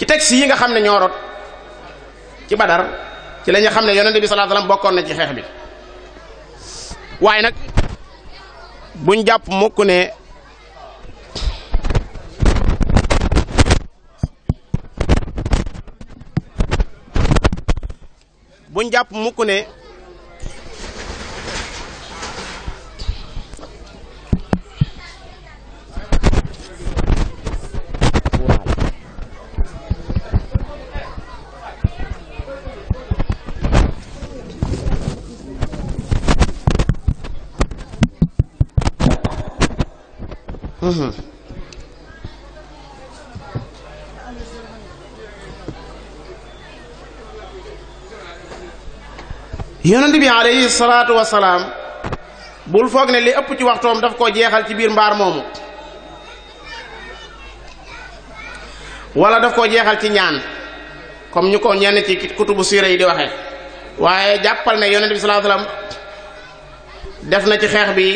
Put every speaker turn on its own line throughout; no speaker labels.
ci texte yi nga xam ne ñoo ci badar ci lañ xam ne yonente bi sallallahu alayhi bokkoon na ci xeex bi waaye nag buñ jàpp mukk ne buñ jàpp mukk ne rusul yonent bi alayhi salaatu wasalaam bul foog ne li ëpp ci waxtoom daf koo jeexal ci biir mbaar moomu wala daf koo jeexal ci ñaan comme ñu ko ñenn ci kutubu siira yi di waxee waaye jàppal ne yonent bi salaatu wasalaam def na ci xeex bi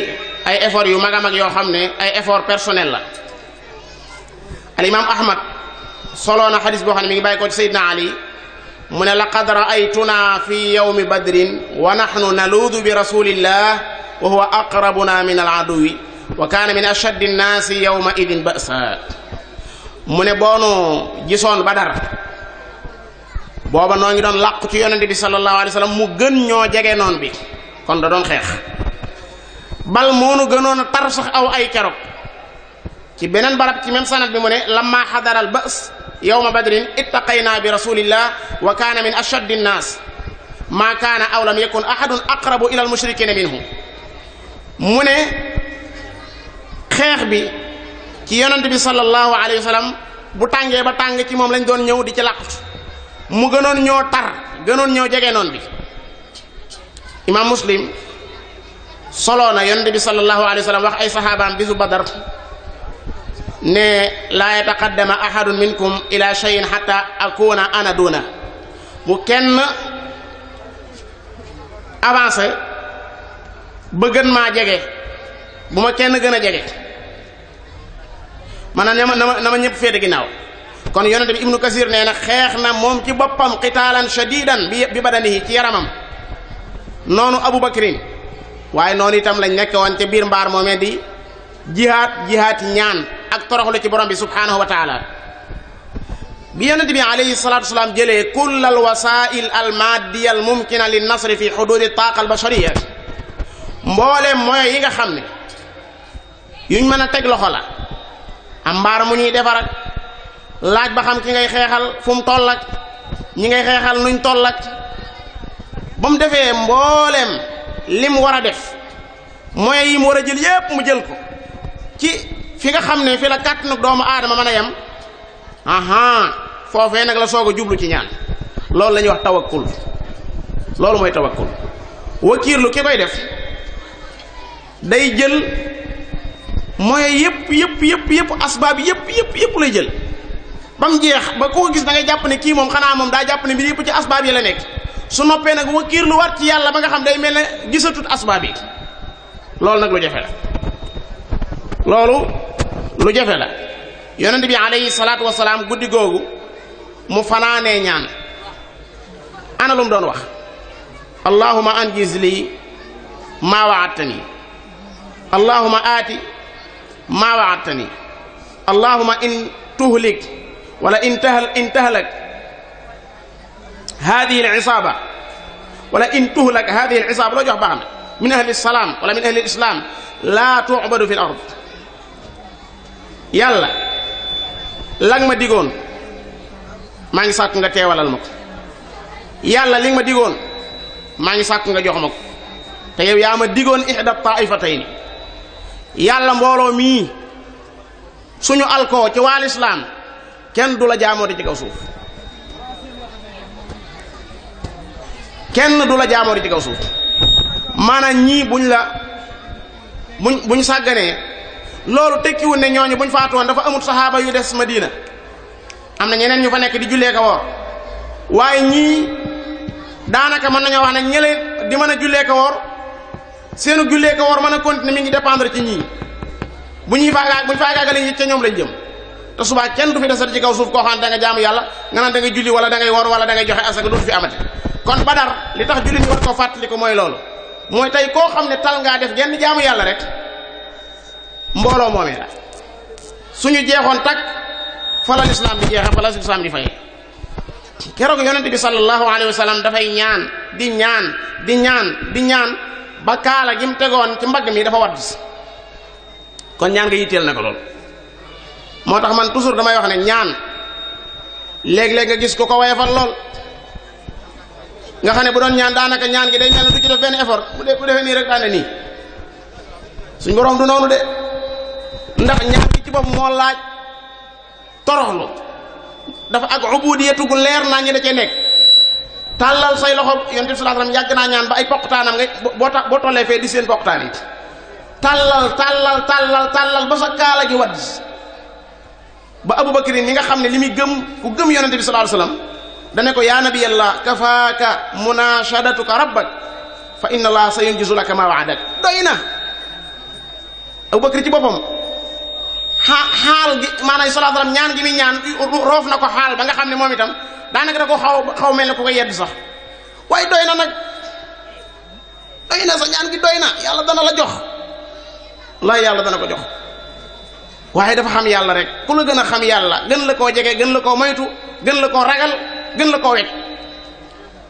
ay effort yu mag mag yoo xam ne ay effort personnel la al imam ahmad soloo na boo xam ne mi ngi bàyyi ko ci ali mu ne laqad raaytuna fi yowmi badrin wa nahnu naluudu bi rasulillah wa huwa aqrabuna min al wa kaana min ashaddi nnaasi yowma idin mu ne boonu gisoon badar booba noo ngi doon làqu ci yonente mu gën ñoo jege noon bi kon da doon xeex bal moonu gënoon a tar sax aw ay keroog ci beneen barab ci même sanad bi mu ne lamma xadara al bas yowma badrin ittaqaynaa bi rasulillah wa kaana min ashaddi nnaas maa kaana aw lam yakun ahadun aqrabu ila al mushrikina minhu mu ne xeex bi ci yonent bi sallallahu alayhi wa bu tàngee ba tàng ci moom lañ doon ñëw di ci làqut mu gënoon ñoo tar gënoon ñoo jege noon bi imaam muslim soloo na yonent bi sallallahu alayhi wa sallam wax ay saxaabaam bisu badar ne laa yataqaddama ahadun minkum ila shay'in hatta akuna ana duna kenn avancé ba gën maa jege bu ma kenn gën a jege maanaam na ma na ma na ma ñëpp ginnaaw kon yonent bi ibnu kasir nee na xeex na moom ci boppam qitaalan shadidan bi badanihi ci yaramam noonu abu bakrin waaye noonu itam lañ nekke woon ca biir mbaar moomee di jihaat jihaat ñaan ak toroxlu ci borom bi subhaanahu wa taala bi yonent bi alayhi salaatu wasalaam jëlee kull al wasail al maadiya al mumkina lin nasri fi xududi taaqa al bashariya mbooleem mooy yi nga xam ne yuñ mën a teg loxo la am mbaar mu ñuy defar laaj ba xam ki ngay xeexal fu mu ñi ngay xeexal nuñ toll ak defee mbooleem lim war a def moyens yi mu war a jël yépp mu jël ko ci fi nga xam ne fi la kàtt nag doomu aadama mën a yem aha foofee nag la soog a jublu ci ñaan loolu la wax tawakkul loolu mooy tawakkul wakiirlu ki koy def day jël moyens yépp yépp yépp yépp asbaab yépp yépp yépp lay jël ba mu jeex ba ku ko gis da ngay jàpp ne kii moom xanaa moom daa jàpp ne mbir yépp ci asbaab yi la nekk su noppee nag lu war ci yàlla ba nga xam day mel ne gisatut asbaab yi loolu nag lu jafe la loolu lu jafe la yonent bi alayhi salaatu wasalaam guddi googu mu fanaanee ñaan ana lu doon wax allahuma anjiz lii maa waadtani allahuma aati maa waadtani allahuma in tuhlik wala in tahlak hadihi al isaba wala in tuhlak hadihi al isaba loo min ahli salaam wala min ahli islam laa tuubadu fi l ard lang ma digoon maa ngi sàkku nga teewalal ma ko yàlla li nga ma digoon maa ngi sàkku nga jox ma ko te yow yaa ma digoon ixda taifatayni yàlla mbooloo mii suñu alkoo ci waa lislaam kenn du la jaamoo ci kaw kenn du la jaamoori ci kaw suuf maanaam ñii buñ la buñ buñ sàgganee loolu tekkiwul ne ñooñu buñ faatu woon dafa amut saxaaba yu des Madina am na ñeneen ñu fa nekk di jullee ka woor waaye ñii daanaka mën nañoo wax ne ñële di mën a jullee ka woor seenu jullee ka woor a continuer mi ngi dépendre ci ñii bu ñuy faagaag bu ñu faagaagalee it ca ñoom lañ jëm te kenn du fi desat ci kaw suuf koo xam da jaamu yàlla nga naan da julli wala dangay ngay woor wala da amati. kon badar li tax jullit ñi war ko fàttaliku mooy loolu mooy tey koo xam ne tal ngaa def genn jaamu yàlla rek mbooloo moomee la suñu jeexoon takk fa la lislaam bi jeexee fa la lislaam di fay keroog yonent bi sallallahu alayhi wa dafay ñaan di ñaan di ñaan di ñaan ba kaala gi mu tegoon ci mbagg mi dafa wadd kon ñaan nga yitteel na ko lool moo tax man toujours damay wax ne ñaan léeg-léeg nga gis ko ko wayefal lool nga xam ne bu doon ñaan daanaka ñaan gi day mel ne du ci benn effort bu dee bu defee nii rek daane nii suñ borom du de ndax ñaan gi ci bopp moo laaj toroxlu dafa ak ubudiyatu gu leer naa ñu da cee nekk tàllal say loxo yonent bi sallallahu alayhi wasallam yàgg naa ñaan ba ay poqtaanam nga boo ta boo tollee fee di seen poqtaan it tàllal tàllal tàllal tàllal ba sa kaala gi wadd ba Abubakar ni nga xam ne li muy gëm ku gëm yonent bi sallallahu alayhi wasallam dane ko yaa nabiyallah kafaaka munashadatuka rabbak fa inna sa yunjizu laka ma waadak doy na ci boppam xaa xaal gi maanaam salaa ñaan gi ko ba nga xam ne moom itam daanaka da ko xaw xaw mel ne ko yedd sax waaye doy na nag doy na sa ñaan gi doy na yàlla dana la jox la yàlla dana ko jox waaye dafa xam yàlla rek ku la gën a xam yàlla gën la koo jege gën la koo moytu gën la koo ragal gën la koo wet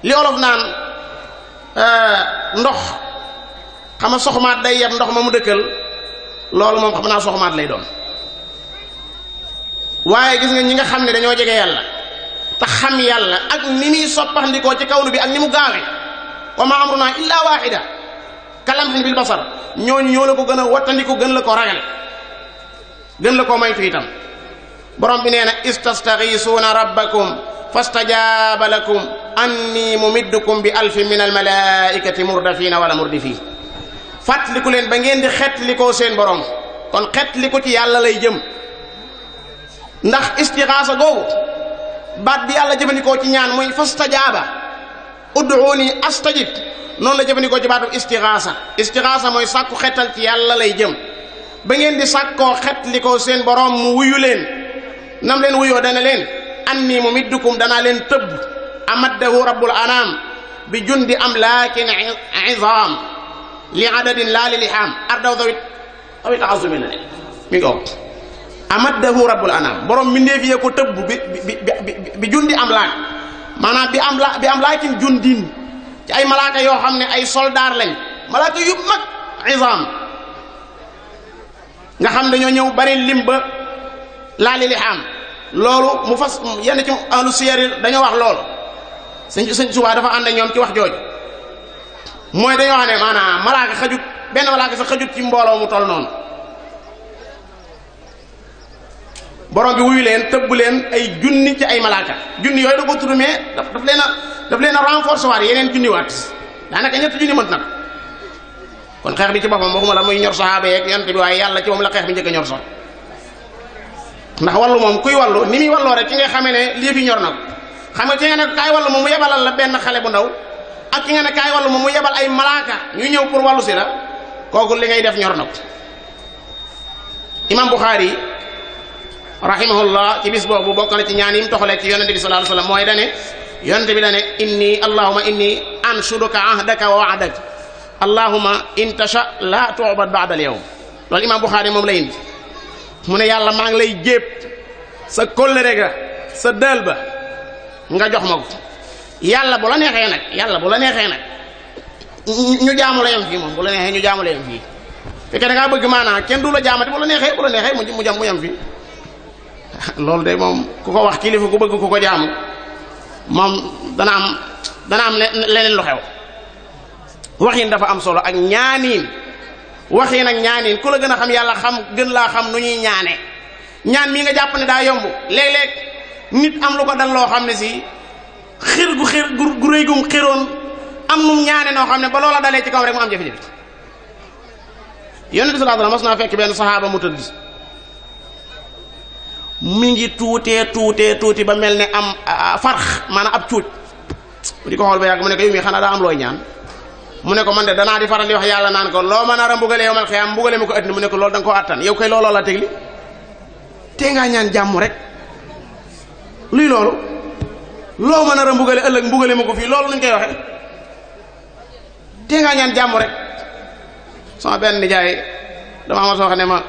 li olof naan eh, ndox xama soxmaat day yem ndox ma mu dëkkal loolu moom xam naa soxmaat lay doon waaye gis nga ñi nga xam ne dañoo jege yàlla te xam yàlla ak ni muy soppaxndikoo ci kawlu bi ak ni mu gaawe wa ma amruna illa waxida kalamhin bil basar ñooñu ñoo la ko gën a wattandiku gën la ko ragal gën la ko moytu itam borom bi nee na istastaxiisuuna rabbakum fastajaaba lakum anni mumiddukum bi alfin min almalaikati murdafina wala murdifi fàttaliku leen ba ngeen di xetlikoo seen borom kon xetliku ci yàlla lay jëm ndax istixaasa googu baat bi yàlla jëfandikoo ci ñaan muy fastajaaba ud'uuni astajib noonu la jëfandikoo ci baatu istixaasa istixaasa mooy sàkku xetal ci yàlla lay jëm ba ngeen di sàkkoo xetlikoo seen borom mu wuyu leen nam leen wuyoo dana leen anni mumiddukum danaa leen tëbb amaddahu rabbul anaam bi jundi am laakin izaam li adadin laa li lihaam ardaw dawit dawit azumi na mi ngi wax amaddahu rabbul anaam borom mbindeef yee ko tëbb bi bi bi jundi am laak maanaam bi am la bi am laakin jundin ci ay malaaka yoo xam ne ay soldaar lañ malaaka yu mag izaam nga xam dañoo ñëw bari lim ba laa li lihaam loolu mu fas yenn ci ahlu siyar dañoo wax loolu sëñ sëñ Tuubaa dafa ànd ak ñoom ci wax jooju mooy dañoo xam ne maanaam malaaka xajut benn malaaka sax xajut ci mbooloo mu toll noonu borom bi wuyu leen tëbb leen ay junni ci ay malaaka junni yooyu da ko tudd daf daf leen a daf leen a renforcer waat yeneen junni waat daanaka ñetti junni mën nag kon xeex bi ci boppam waxuma la muy ñor saxaaba yeeg yonent bi waaye yàlla ci moom la xeex bi njëkk a ñor ndax wallu moom kuy wallu ni muy walloo rek ki nga xamee ne lii bi ñor na xam nga ki nga ne kaay wallu moom mu yebalal la benn xale bu ndaw ak ki nga ne kaay wallu moom mu yebal ay malaaka ñu ñëw pour wallu si la kooku li ngay def ñor na ko imam Buxaari yi rahimahullah ci bis boobu bokk na ci ñaan yi mu toxalee ci yonente bi sallallahu alayhi mooy dane yonente bi dane inni allahuma inni anshuduka ahdaka wa wa'dak allahuma in tasha la tu'bad ba'da al yawm loolu imam mu ne yàlla maa ngi lay jéeb sa kóllëre ga sa dël ba nga jox ma ko yàlla bu la neexee nag yàlla bu la neexee nag ñu jaamu la yem fii moom bu la neexee ñu jaamu la fii fekkee da ngaa bëgg maanaa kenn du la jaamati bu la neexee bu la neexee mu jam mu yam fii loolu de moom ku ko wax kilifa ku bëgg ku ko jaamu moom dana am dana am leneen lu xew waxin dafa am solo ak ñaaniin waxin ak ñaanin ku la gën a xam yàlla xam gën laa xam nu ñuy ñaane ñaan mii nga jàpp ne daa yomb léeg-léeg nit am lu ko dal loo xam ne si xir gu xir gu rëy gum xiroon am nu ñaane noo xam ne ba loola dalee ci kaw rek mu am jafe-jafe yonent bi sallallahu alayhi wasallam mas naa fekk benn saxaaba mu tëdd mi ngi tuutee tuutee tuuti ba mel ne am farx maanaam ab cuuj di ko xool ba yàgg mu ne ko yow xanaa daa am looy ñaan mu ne ko man de danaa di faral di wax yàlla naan ko loo ma nar a mbugale yow mal xiyaam mbugale ma ko ëtt mu ne ko loolu da nga koo yow koy looloo la tegli tee ngaa ñaan jàmm rek luy loolu looma ma nar a mbugale ëllëg mbugale ma ko fii loolu lañ koy waxe tee ngaa ñaan jàmm rek sama benn nijaay dama mas a wax ne ma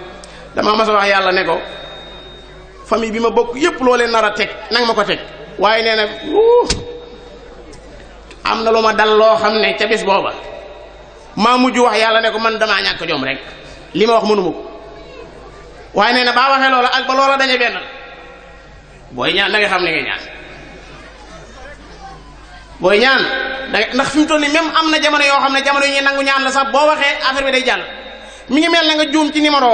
dama mas a wax yàlla ne ko famille bi ma bokk yépp loo leen nar a teg nanga ma ko teg waaye nee na am na lu ma dal loo xam ne ca bis booba maa mujj wax yàlla ne ko man damaa ñàkk jom rek li ma wax mënuma ko waaye nee na baa waxee loola ak ba loola dañe benn booy ñaan da nga xam ne nga ñaan ndax fi mu toll nii même am na jamono yoo xam ne jamono yi ñuy nangu ñaan la sax boo waxee affaire bi day jàll mi ngi mel na nga juum ci numéro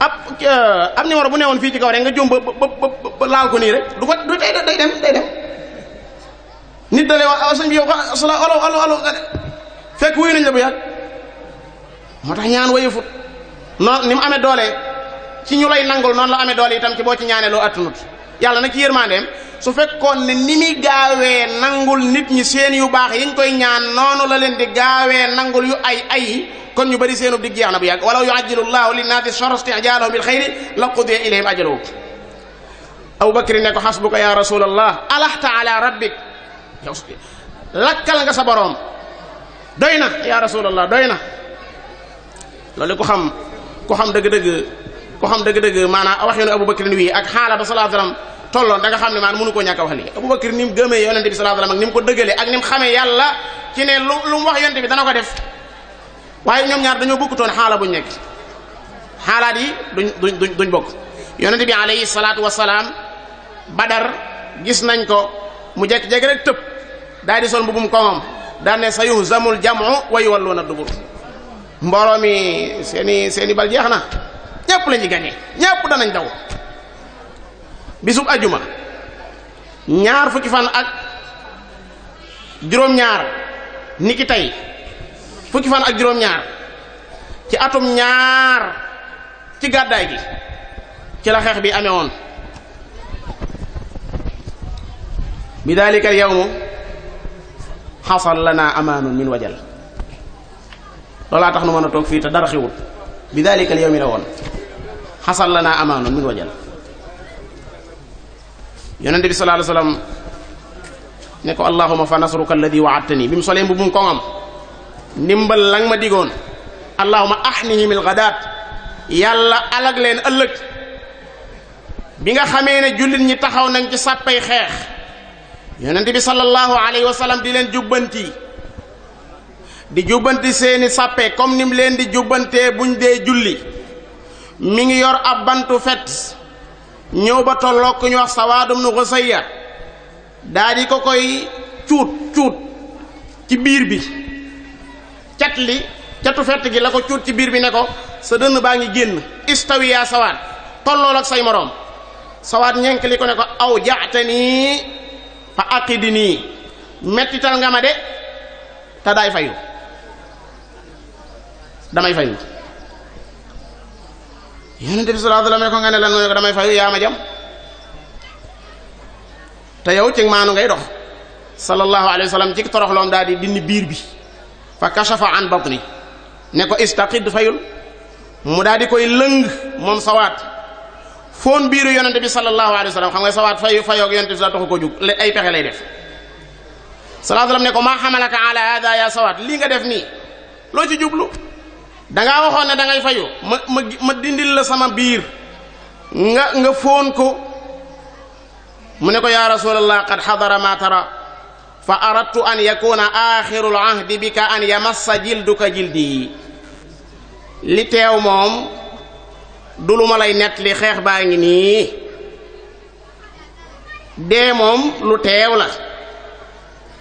ab euh, ab numéro bu newoon fii ci kaw rek nga juum ba ba ba laal ko nii rek du ko du tey day day nit dalee wax ala sëñ su yow xa asala alo alo alo nga de fekk wuyu nañ la bu yàgg moo tax ñaan wayufut noonu ni mu amee doole ci ñu lay nangul noonu la amee doole itam ci boo ci ñaanee loo attunut yàlla nag ci yërmandeem su fekkoon ne ni muy gaawee nangul nit ñi seen yu baax yi koy ñaan noonu la leen di gaawee nangul yu ay ay kon ñu bari seenu dig jeex na bu yàgg walaw yuajjilu llahu linnaasi sharra istijaalahum bil xayri la qudiya ilayhim ajaluhum Abu Bakri ne ko xasbuka ya rasulallah alaxta ala rabbik lakkal nga sa boroom doy na yaa rasulallah doy na loolu ku xam ku xam dëgg-dëgg ku xam dëgg-dëgg maanaam waxinu abubakrin wii ak xaala ba sallallahu alayhi wa sallam tolloon da xam ne maanaam mënu koo ñàkk a wax lii abubakar ni mu gëmee yonente bi sallallahu alayhi ak ni ko dëggalee ak ni mu xamee yàlla ci ne lu lu mu wax yonente bi dana ko def waaye ñoom ñaar dañoo bokkutoon xaala buñ nekk xaalaat yi duñ duñ duñ bokk yonente bi alayhi salaatu wasalaam badar gis nañ ko mu jekk-jekk rek tëpp daal di sol mbubum koŋam daan ne sa yuh zamul jamu wa yuwalluuna dubur mbooloo mi seeni seeni bal jeex na ñépp lañuy gañe ñépp danañ daw bisub ajuma ñaar fukki fan ak juróom-ñaar niki tey fukki fan ak juróom-ñaar ci atum ñaar ci gàddaay gi ci la xeex bi amee woon bi daalika al yawmu xasal lana amaanun min wajal loolaa tax nu mën a toog fii te dara xewul bi daalika al yawmi la woon xasal lana min wajal yonente bi sallallahu alayhi ne ko allahuma fa nasruka alladi waadtani bi mu solee mbu mu koŋam ndimbal lang ma digoon allahuma ahnihim il gadaat yàlla alag leen ëllëg bi nga xamee ne jullit ñi taxaw nañ ci sàppay xeex yonent bi sallallahu alayhi wa di leen jubbanti di jubbanti seeni sàppe comme nim leen di jubbantee buñ dee julli mu ngi yor ab bantu fet ñëw ba tolloog ku ñu wax sawaadum nu xusayya daa di ko koy cuut cuut ci biir bi cat li catu fett gi la ko cuut ci biir bi ne ko sa dënn baa ngi génn istawiya sawaat tollool ak say moroom sawaat ñenk li ko ne ko aw jaata nii fa aqidi nii mettital nga ma de te daay fayu damay fayu yonente bi sallallahu alayhi wasallam ko nga ne lan mooy ko damay fayu yaa ma jam te yow ci maanu ngay dox sallallahu alayhi wasallam ci toroxloom daal di dindi biir bi fa kashafa an batni ne ko istaqid fayul mu daal koy lëng moom sawaat foon biiru yonente bi sallallahu alayhi wa sallam xam nga sawaat fay fayoog yonente bi sa taxu ko jug ay pexe lay def salaa salaam ne ko maa xamalaka ala hada ya sawaat lii nga def nii loo ci jublu dangaa waxoon ne da fayu ma ma dindil la sama biir nga nga foon ko mu ne ko ya rasulallah qad xadara ma tara fa aradtu an yakuna axirul ahdi bika an yamassa jilduka jildi yi li teew moom du lu ma lay nettali xeex baa ngi nii dee moom lu teew la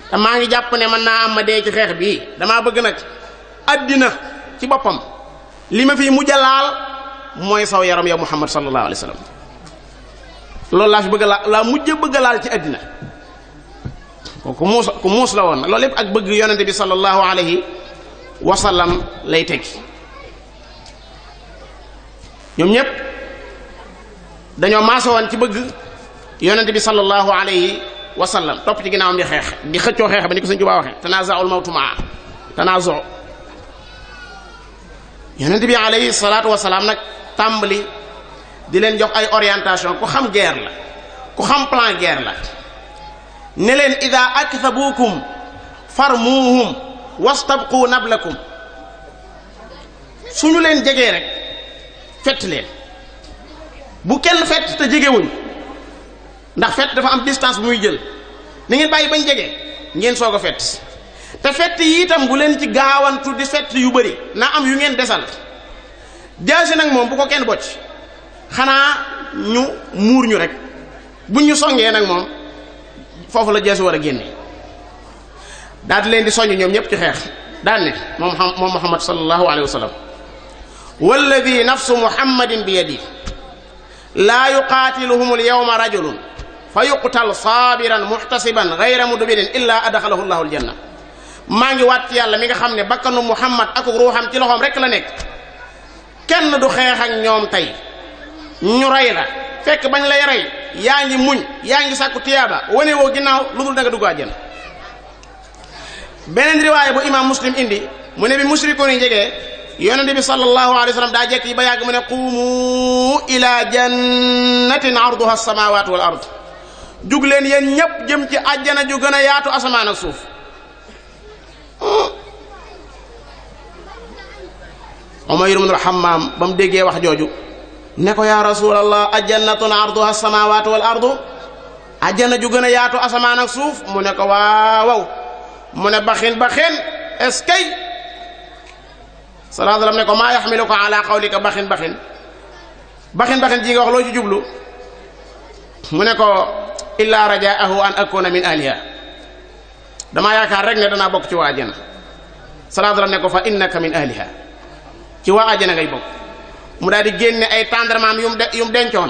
te maa ngi jàpp ne mën naa am ma dee ci xeex bii damaa bëgg nag àddina ci boppam li ma fi mujj laal mooy saw yaram yow muhammad sallallahu alayhi wa sallam loolu laa fi bëgg laa laa mujj bëgg laal ci àddina ku muus ku muus la woon loolu lépp ak bëgg yonente bi sallallahu alayhi wa sallam lay teg ñoom ñépp dañoo maaso woon ci bëgg yonente bi sallallahu alayhi wa sallam topp ci ginnaawam di xeex di xëccoo xeex ba ni ko sëñ Tuubaa waxee tanaazaul mawtu maa tanaazo yonente bi alayhi salaatu wa salaam nag tàmbali di leen jox ay orientation ku xam guerre la ku xam plan guerre la ne leen ida aktabukum farmuuhum wastabqu nablakum su ñu leen jegee rek fett leen bu kenn fett te jegewuñ ndax fett dafa am distance bu muy jël na ngeen bàyyi bañ jege ngeen soog a fett te fett yi itam bu leen ci gaawantu di fett yu bëri na am yu ngeen desal jaasi nag moom bu ko kenn bocc xanaa ñu muur ñu rek bu ñu songee nag moom foofu la jaasi war a génne daal leen di soññ ñoom ñëpp ci xeex daan ne moom moom Muhammad sallallahu alayhi wa sallam walladi nafsu muhammadin bi yadihi laa yuqaatiluhum alyawma rajulun fa yuqtal saabiran muhtasiban gayra mudbirin illa adxalahu llahu aljanna maa ngi waat ci yàlla mi nga xam ne bakkanu muhammad ak ruuxam ci loxoom rekk la nekk kenn du xeex ak ñoom tey ñu rey la fekk bañ lay rey yaa ngi muñ yaa ngi sàkku tiyaaba wane woo ginnaaw lu dul da nga dugg beneen riwaaya bu imaam muslim indi mu ne bi yi jegee yonente bi sallallahu alayhi wa sallam daa jekk ba yàgg mu ne qumu ila jannatin arduha as-samawati wal ard jug leen yéen ñépp jëm ci àjjana ju gën a yaatu asamaan ak suuf Umayr ibn al-Hammam ba mu déggee wax jooju ne ko yaa rasulallah ajannatun arduha as-samawati ardu ajjana ju gën a yaatu asamaan suuf mu ne ko waaw mu ne baxin baxin eskay sallallahu alayhi wa sallam ne ko maa yaxmiluka ala qawlika baxin baxin baxin baxin wax loo ci jublu mu ne ko illaa rajaahu an akuna min ahliha damaa yaakaar rek ne danaa bokk ci waa ajjana sallallahu alayhi wa sallam ne ko fa innaka min ahliha ci waa ajjana ngay bokk mu daal di génne ay tendrement yum de yum dencoon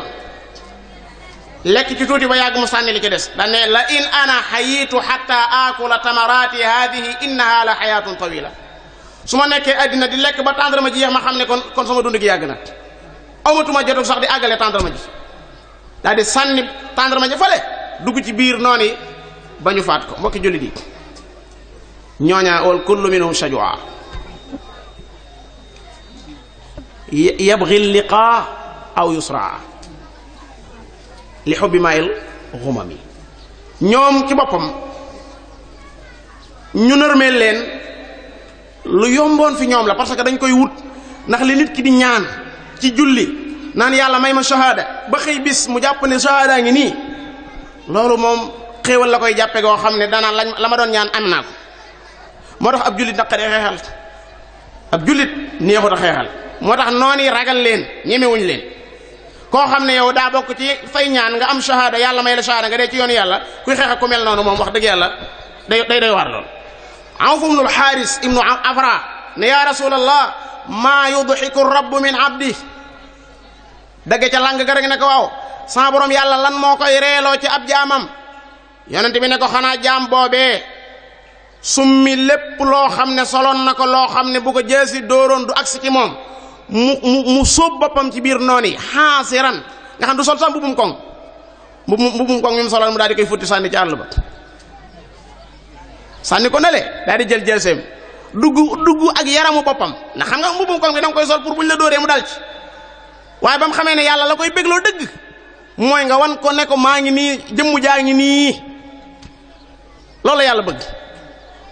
lekk ci tuuti ba yàgg mu sànni li ci des daan la in ana xayitu xatta akula tamaraati hadihi innaha la xayaatun tawila su ma nekkee àddina di lekk ba tàndarma ji yeex ma xam ne kon kon sama dund gi yàgg na amatuma jotug sax di àggale tàndarma ji daal sànni tàndarma ji fale dugg ci biir noonu yi ba ñu faat ko mbokki jullit yi ñooñaa wal kullu minhum shajua yabgi liqaa aw yusraa li xubbi maayil xumami ñoom ci boppam ñu nërmeel leen lu yomboon fi ñoom la parce que dañ koy wut ndax li nit ki di ñaan ci julli naan yàlla may ma shahada ba xëy bis mu jàpp ne shahada ngi nii loolu moom xéewal la koy jàppe goo xam ne danaan lañ la ma doon ñaan am naa ko moo tax ab jullit naqaree xeexal ab jullit neexut a xeexal moo tax noonu ragal leen ñemewuñ leen koo xam ne yow daa bokk ci fay ñaan nga am shahada yàlla may la shahada nga dee ci yoon yàlla kuy xeex ak ku mel noonu moom wax dëgg yàlla day day awf ibnu alxaaris ibnu afra ne yaa rasulallah maa yudxiku rabbu min abdi dagge ca lang garag ne ko waaw sama borom yàlla lan moo koy reeloo ci ab jaamam yonent bi ne ko xanaa jaam boobee summi lépp loo xam ne soloon na ko loo xam ne bu ko jëesi dóoroon du agsi ci moom mu mu mu sóob boppam ci biir noon yi xaasiran nga xam du sol sax mbubum koŋ mbubum mbubum koŋ mi mu soloon mu daal di koy futti sànni ci àll ba sànni ko nale daal di jël jërseem dugg dugg ak yaramu boppam ndax xam nga mbubbum koŋ bi da nga koy sol pour buñ la dóoree mu dal ci waaye ba mu xamee ne yàlla la koy bégloo dëgg mooy nga wan ko ne ko maa ngi nii jëmmu jaa ngi nii loolu yàlla bëgg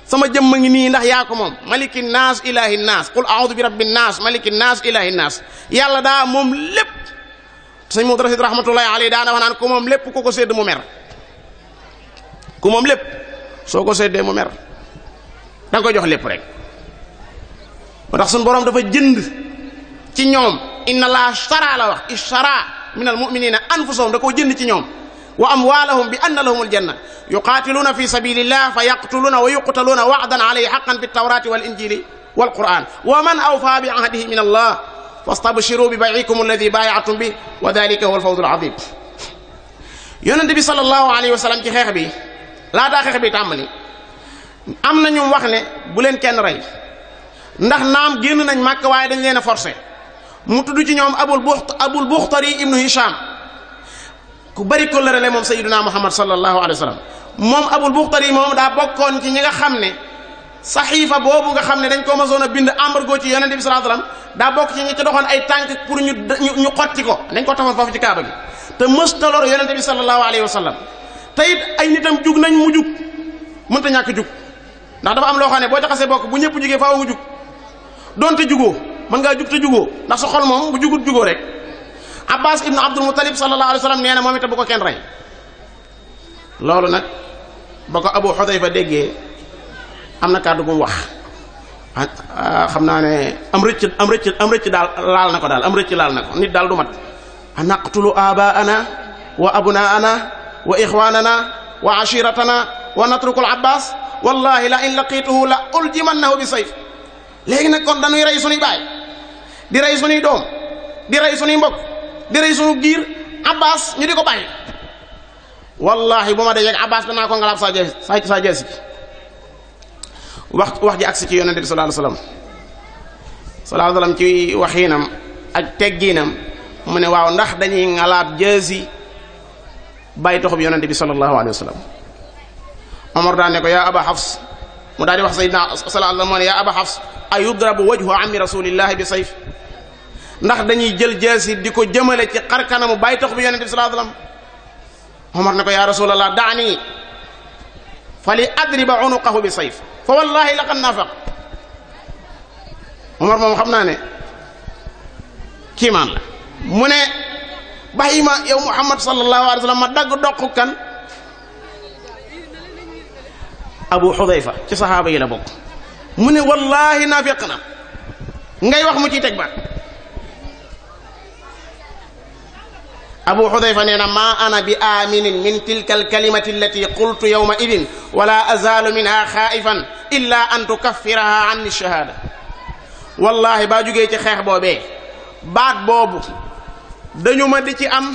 sama jëmm ngi nii ndax yaa ko moom maliki naas ilahi naas qul a'udhu bi rabbi naas maliki naas ilahi naas yàlla daa moom lépp sëñ Muhammad Rasid rahmatullahi alayhi daana wax naan ku moom lépp ku ko sédd mu mer ku moom lépp soo ko seddee mu mer da nga koy jox lépp rek moo tax suñu borom dafa jënd ci ñoom inna laa ishtara la wax ishtara min al muminina da koo jënd ci ñoom wa amwalahum bi anna lahum aljanna yuqatiluuna fi sabilillah fa yaqtuluuna wa yuqtaluuna waadan alayhi xaqan fi tawrati wal injili wal quran wa man awfa bi ahdihi min allah fastabshiru bi bay'ikum alladi baayatum bi wa dalika huwa alfawzu alazim yonente bi sallallahu alayhi wa sallam ci xeex bi laataa xeex bi tàmbali am na ñu wax ne bu leen kenn rey ndax naam génn nañ màkk waaye dañ leen a forcé mu tudd ci ñoom abul buxt abul buxtari ibnu hisham ku bari kóllëre la moom sayyiduna muhammad sallallahu alayhi wa sallam moom abul buxtari moom daa bokkoon ci ñi nga xam ne saxiifa boobu nga xam ne dañ ko masoon a bind embargo ci yonente bi sallallahu alayhi daa bokk ci ñi ci doxoon ay tànk pour ñu ñu xotti ko dañ ko taxoon foofu ci kaaba gi te mës ta lor yonente bi sallallahu alayhi wa teyit ay nitam jug nañ mu jug mënta ñàkk jug ndax dafa am loo xam ne boo taxasee bokk bu ñëpp jugee faaw nga jug doonte jugoo mën ngaa jug te jugoo ndax sa moom bu jugut jugoo rek abbas ibnu abdul mutalib sallallahu alayhi wa sallam nee na moom itam bu loolu nag ba ko abu xudayfa am na kàddu gu mu wax ah, ah, xam naa ne am rëcc am rëcc am rëcc daal laal na ko daal am rëcc laal na ko nit daal du mat a naqtulu abaana wa abnaana wa ixwanana wa ashiratana wa natrukul abbas wallahi la in laqiituhu la uljimannahu bi sayf léegi nag kon dañuy rey suñuy baay di rey suñuy doom di rey suñuy mbokk di rey suñu giir abbas ñu di ko bàyyi wallahi bu ma dajee ak abbas danaa ko ngalaab saa jees saa jees wax wax ji agsi ci yonente bi sallallahu alayhi wasallam ci waxiinam ak teggiinam mu ne waaw ndax dañuy ngalaab jeesi bàyyi toxub yonente bi sallallahu alayhi wa sallam omar daan ne ko yaa aba xafs mu daal di wax saydna salala moo ne yaa aba xafs a yudrabu wajhu ami rasulillahi bi sayf ndax dañuy jël jaasi di ko jëmale ci xarkanamu bàyyi toxub yonente bi sallallahu alayhi wa sallam omar ne ko yaa rasulallah daani fa li adriba unuqahu bi sayf fa wallahi laqad nafaq naa ne mu ne bàyyi ma yow muhammad sallallahu alayhi wa sallam ma dagg doq kan abu xudayfa ci saxaaba yi la bokk mu ne wallaahi naafiq na ngay wax mu ciy teg baat abu xudayfa nee na maa ana bi aminin min tilka alkalimati allati qultu yowma idin wala azaalu minha xaaifan illa an tukaffiraha an shahaada wallaahi baa jógee ci xeex boobee baat boobu dañu ma di ci am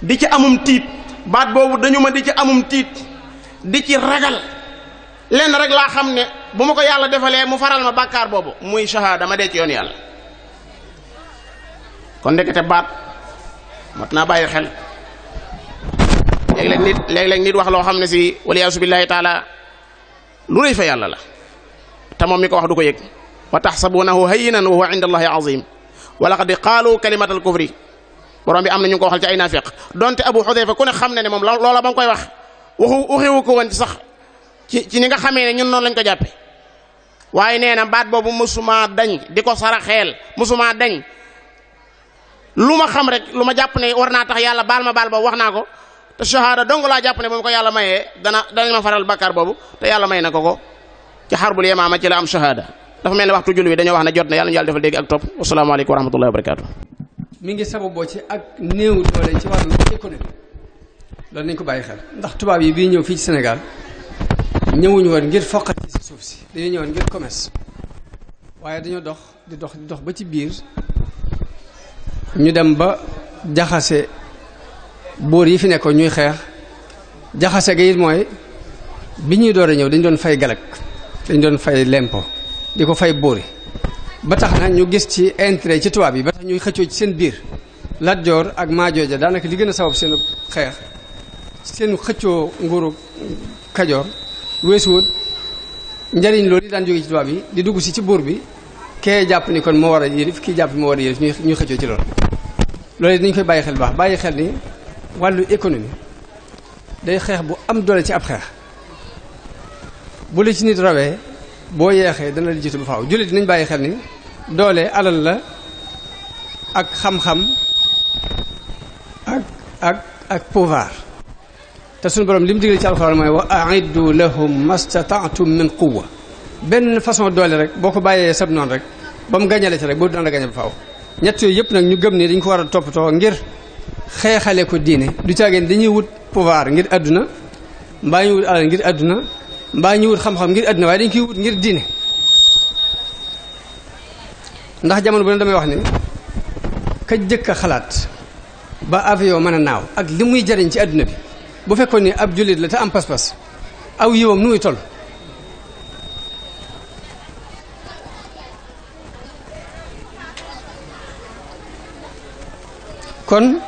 di ci amum tiit baat boobu dañu ma di ci amum tiit di ci ragal lenn rek laa xam ne bu ma ko yàlla defalee mu faral ma bàkkaar boobu muy shahaada ma dee ci yoon yàlla kon ndekete baat mat naa bàyyi xel léeg-léeg nit léeg nit wax loo xam ne si waliyaasu billaahi taala lu rëy fa yàlla la te moom mi ko wax du ko yëg wa taxsabunahu hayyinan wa huwa inda allahi azim wa laqad qaalu kalimat al kufri borom bi am na ñu ngi ko waxal ci ay naafiq donte abu xudayfa ku ne xam na ne moom loola ba nga koy wax waxu waxewu ko woon ci sax ci ci ni nga xamee ne ñun noonu lañ ko jàppe waaye nee na baat boobu mosuma dañ di ko saraxeel mosuma dañ lu ma xam rek lu ma jàpp ne war naa tax yàlla baal ma baal boobu wax naa ko te shahada dong laa jàpp ne bu ma ko yàlla mayee dana danañ ma faral bakkaar boobu te yàlla may na ko ko ci xarbul yamaama ci la am shahada dafa mel ne waxtu julli bi dañoo wax ne jot na yàlla ñu yàlla defal dégg ak topp wasalaamaaleykum wa rahmatullahi wa barakaatu.
mi ngi sababoo ci ak néew doole ci wàllu économie loolu nañ ko bàyyi xel ndax tubaab yi bii ñëw fii ci Sénégal ñëwuñu woon ngir foqat ci si suuf si dañuy ñëwoon ngir commerce waaye dañoo dox di dox di dox ba ci biir ñu dem ba jaxase buur yi fi nekkoon ñuy xeex jaxase gi mooy bi ñuy door a ñëw dañ doon fay galak dañ doon fay lempo di ko fay buur yi ba tax na ñu gis ci intérêt ci tubaab yi ba tax ñuy xëccoo ci seen biir Lat Joor ak Maajooja daanaka li gën a sabab seenu xeex seen xëccoo nguuru Kajoor weesuwut njariñ loolu yi daan jóge ci tubaab yi di dugg si ci buur bi kee jàpp ni kon moo war a yëlif kii jàpp ni moo war a yëlif ñuy xëccoo ci lool loolu dañ koy bàyyi xel baax bàyyi xel ni wàllu économie day xeex bu am doole ci ab xeex bu la ci nit rawee boo yeexee dana la jiitu ba faaw jullit nañ bàyyi xel ni doole alal la ak xam-xam ak ak ak te suñu borom li mu digle ci alxuraan mooy wax a aiddu lahum mastataatum min quwa benn façon doole rek boo ko bàyyee sab noonu rek ba mu gañale ci rek boo dana la gañe ba faaw ñett yooyu yëpp nag ñu gëm nii dañ ko war a toppatoo ngir xeexale ko diine du caageen dañuy wut pouvoir ngir àdduna mbaa ñu wut alal ngir àdduna mbaa ñu wut xam-xam ngir àddina waaye dañ koy wut ngir diine ndax jamono bu ne damay wax ne ka jëkk a xalaat ba avion mën a naaw ak li muy jariñ ci àdduna bi bu fekkoon ni ab jullit la te am pas-pas aw yiwam nu muy toll kon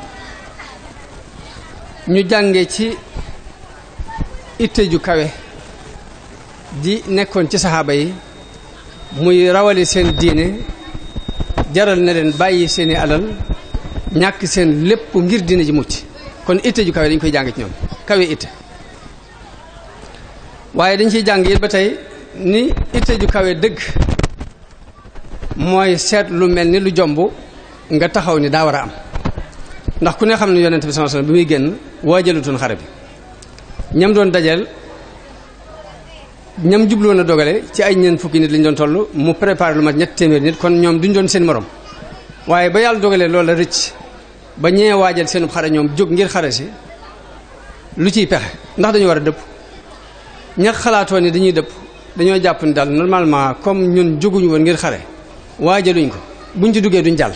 ñu jànge ci itte ju kawe di nekkoon ci saxaaba yi muy rawale seen diine jaral na leen bàyyi seeni alal ñàkk seen lépp ngir diine ji mucc kon itte ju kawe dañ koy jàng ci ñoom kawe itte waaye dañ ciy jàng it ba tey ni itte ju kawe dëgg mooy seet lu mel ni lu jomb nga taxaw ni daa war a am ndax ku ne xam ne yonent bi sallallahu alayhi bi muy génn waajalutun xare bi ñam doon dajeel ñam jubloon a dogale ci ay ñeent fukki nit lañ doon toll mu préparé lu mat ñett téeméer nit kon ñoom duñ doon seen morom waaye ba yàlla dogalee loolu la rëcc ba ñee waajal seenub xare ñoom jóg ngir xare si lu ciy pexe ndax dañu war a dëpp ña xalaatoo ne dañuy dëpp dañoo jàpp ne daal normalement comme ñun jóguñu woon ngir xare waajaluñ ko buñ ci duggee duñ jàll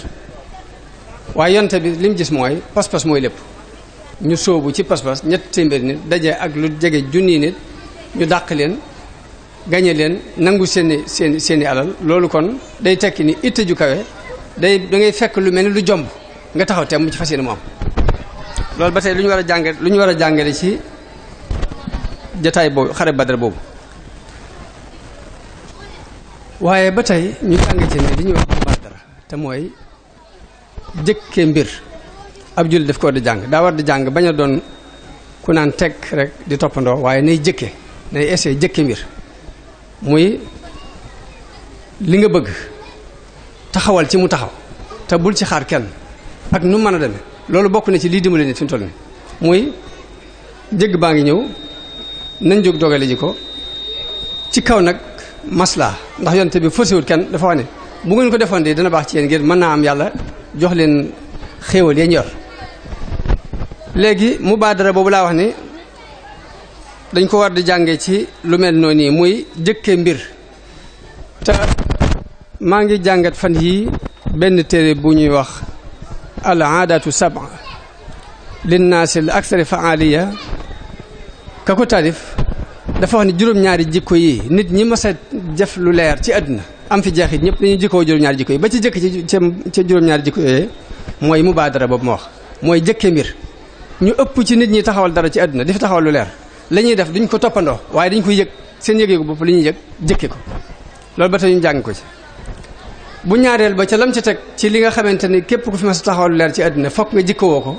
waaye yonte bi li gis mooy pas-pas mooy lépp ñu sóobu ci pas-pas ñett téeméer nit daje ak lu jege junni nit ñu dàq leen gañe leen nangu seeni seeni seeni alal loolu kon day tekki ni itte ju kawe day da ngay fekk lu mel ni lu jomb nga taxaw te mu ci fas yéene mu am loolu ba tey lu ñu war a jànge lu ñu war a jàngale ci jataay boobu xare badar boobu waaye ba tey ñu jànge ci ne li ñuy wax mubaadara te mooy jëkkee mbir ab jullit daf ko war di jàng daa war di jàng bañ a doon ku naan teg rek di toppandoo waaye nay jëkke nay ese jëkke mbir muy li nga bëgg taxawal ci mu taxaw te bul ci xaar kenn ak nu mën a demee loolu bokk na ci lii dimbali ne fi mu toll nii muy jégg baa ngi ñëw nañ jóg dogale ji ko ci kaw nag maslaa ndax yonte bi forcé kenn dafa wax ne bu ngeen ko defoon de dana baax ci yéen ngeen mën naa am yàlla jox leen xéewal yéen yor léegi mu baadara boobu laa wax ni dañ ko war di jànge ci lu mel noonu nii muy jëkke mbir te maa ngi jàngat fan yii benn téere bu ñuy wax al aadatu saba linnaasi l aksari faaliya ka ko taalif dafa wax ne juróom-ñaari jikko yi nit ñi mas a jëf lu leer ci àdduna am fi jeexit ñëpp dañuy jikkoo juróom-ñaari jikko yi ba ci jëkk ci juróom-ñaari jikko yooyu mooy mubaadara boobu ma wax mooy jëkke mbir ñu ëpp ci nit ñi taxawal dara ci àdduna di fi taxawal lu leer la ñuy def duñ ko toppandoo waaye dañ koy yëg seen yëgeeku bopp li ñuy yëg jëkke ko loolu ba tey ñu jàng ko ci bu ñaareel ba ca lam ca teg ci li nga xamante ni képp ku fi mas a taxawal leer ci àddina fokk nga jikkowoo ko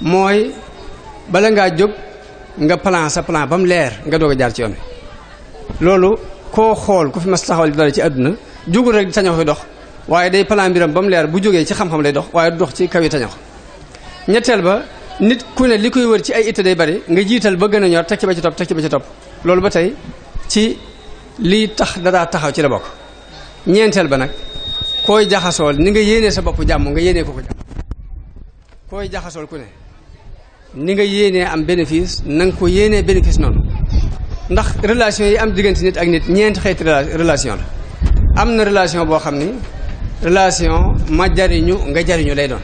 mooy bala ngaa jóg nga plan sa plan ba mu leer nga doog jaar ci yoon wi loolu koo xool ko fi mas a taxawal dara ci àdduna jugul rek tañax yi dox waaye day plan mbiram ba mu leer bu jógee ci xam-xam lay dox waaye du dox ci kaw yi tañax ñetteel ba nit ku ne li koy wër ci ay itte day bari nga jiital ba gën a ñor teg ci ba ci topp teg ci ba ci topp loolu ba tey ci lii tax dadaa taxaw ci la bokk ñeenteel ba nag koy jaxasool ni nga yéenee sa bopp jàmm nga yéenee ko ko jàmm koy jaxasool ku ne ni nga yéenee am bénéfice na ko yéenee bénéfice noonu ndax relation yi am diggante nit ak nit ñeenti xeeti relation la am na relation boo xam ni relation ma jariñu nga jariñu lay doon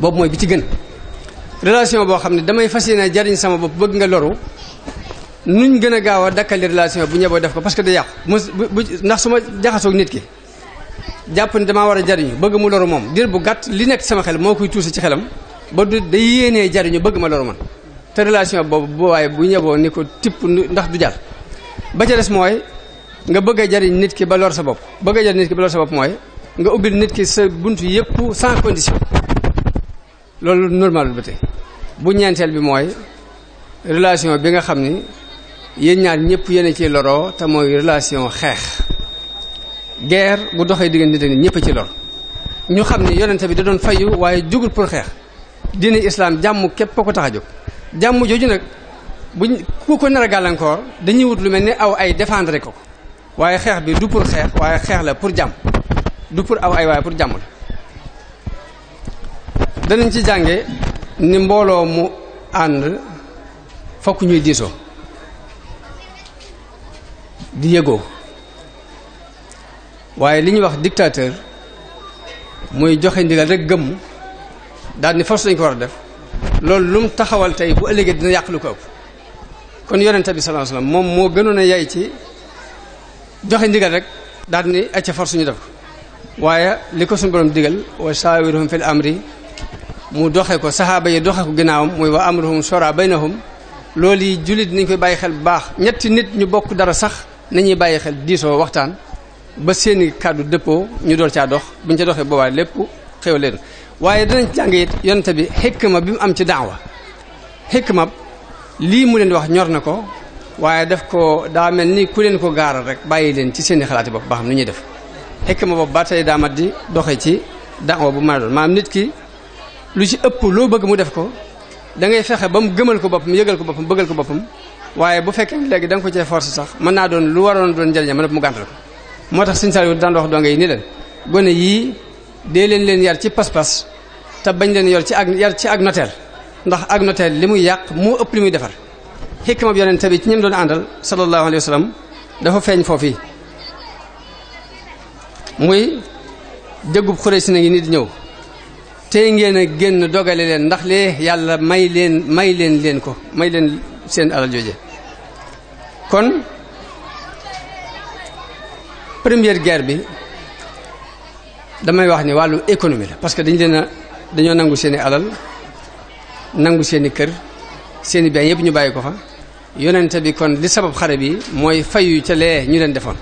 boobu mooy bi ci gën relation boo xam ne damay fas yéene jariñ sama bopp bëgg nga loru nuñ gën a gaaw a dakkali relation bu ñeboo def ko parce que da yàqu bu ndax su ma jaxasoog nit ki jàpp ni damaa war a jariñu bëgg mu loru moom diir bu gàtt li nekk sama xel moo koy tuuse ci xelam ba du day yéene jariñu bëgg ma loru man te relation boobu bu waaye bu ñeboo ni ko tipp ndax du jàll ba ca des mooy nga bëgg a jariñ nit ki ba lor sa bopp bëgg a jariñ nit ki ba lor sa bopp nit ki sa buntu yëpp sans condition loolu normalul ba tey bu ñeenteel bi mooy relation bi nga xam ni yéen ñaar ñëpp yéen a ciy te mooy relation xeex guerre bu doxee diggante nit ak nit ñëpp a ci lor ñu xam ni yonente bi da doon fayu waaye jugul pour xeex diine islaam jàmm képp a ko tax a jóg jàmm jooju nag bu ku ko nar a gàllankoor dañuy wut lu mel ni aw ay défendre ko waaye xeex bi du pour xeex waaye xeex la pour jàmm du pour aw ay waaye pour jàmm la danañ ci jànge ni mbooloo mu ànd fokk ñuy diisoo di yëgoo waaye li ñuy wax dictateur muy joxe ndigal rek gëmm daal ni force dañ ko war a def loolu lum taxawal tey bu ëllëgee dina yàq lu ko ëpp kon yonente bi sallallahu alayhi moom moo gënoon a yay ci joxe ndigal rek daal ni acca force ñu def ko waaye li ko suñu borom digal wa shawirhum fil amri mu doxe ko saxaaba yi doxe ko ginnaawam muy wa bay na baynahum loolu yi jullit nañ koy bàyyi xel bu baax ñetti nit ñu bokk dara sax nañuy bàyyi xel diisoo waxtaan ba seeni kàddu dëppoo ñu doon caa dox buñ ca doxee boobaa lépp xew leen waaye danañ jàng it yonte bi xikma bi mu am ci daawa xikma lii mu leen wax ñor na ko waaye def ko daa mel ni ku leen ko gaaral rek bàyyi leen ci seeni xalaati bopp ba xam nu ñuy def xikma boobu ba ci daawa bu mën ki lu ci ëpp loo bëgg mu def ko da ngay fexe ba mu gëmal ko boppam yëgal ko boppam bëggal ko boppam waaye bu fekkee léegi da nga ko cee force sax mën naa doon lu waroon doon njëriñam mën mu gàntal ko moo tax sëñ Saliou daan wax donga yi ni leen gone yii dee leen leen yar ci pas-pas te bañ leen yor ci ak yar ci ak noteel ndax ak noteel li muy yàq moo ëpp li muy defar xikma bi yonent ci ñim doon àndal sallallahu alayhi wa dafa feeñ foofii muy jëggub xuree si na di ñëw tey ngeen a génn dogale leen ndax lee yàlla may leen may leen leen ko may leen seen alal jooje kon première guerre bi damay wax ni wàllu économie la parce que dañ leen a dañoo nangu seeni alal nangu seen i kër seeni i bien yëpp ñu bàyyi ko fa yonente bi kon li sabab xare bi mooy fayu ca lee ñu leen defoon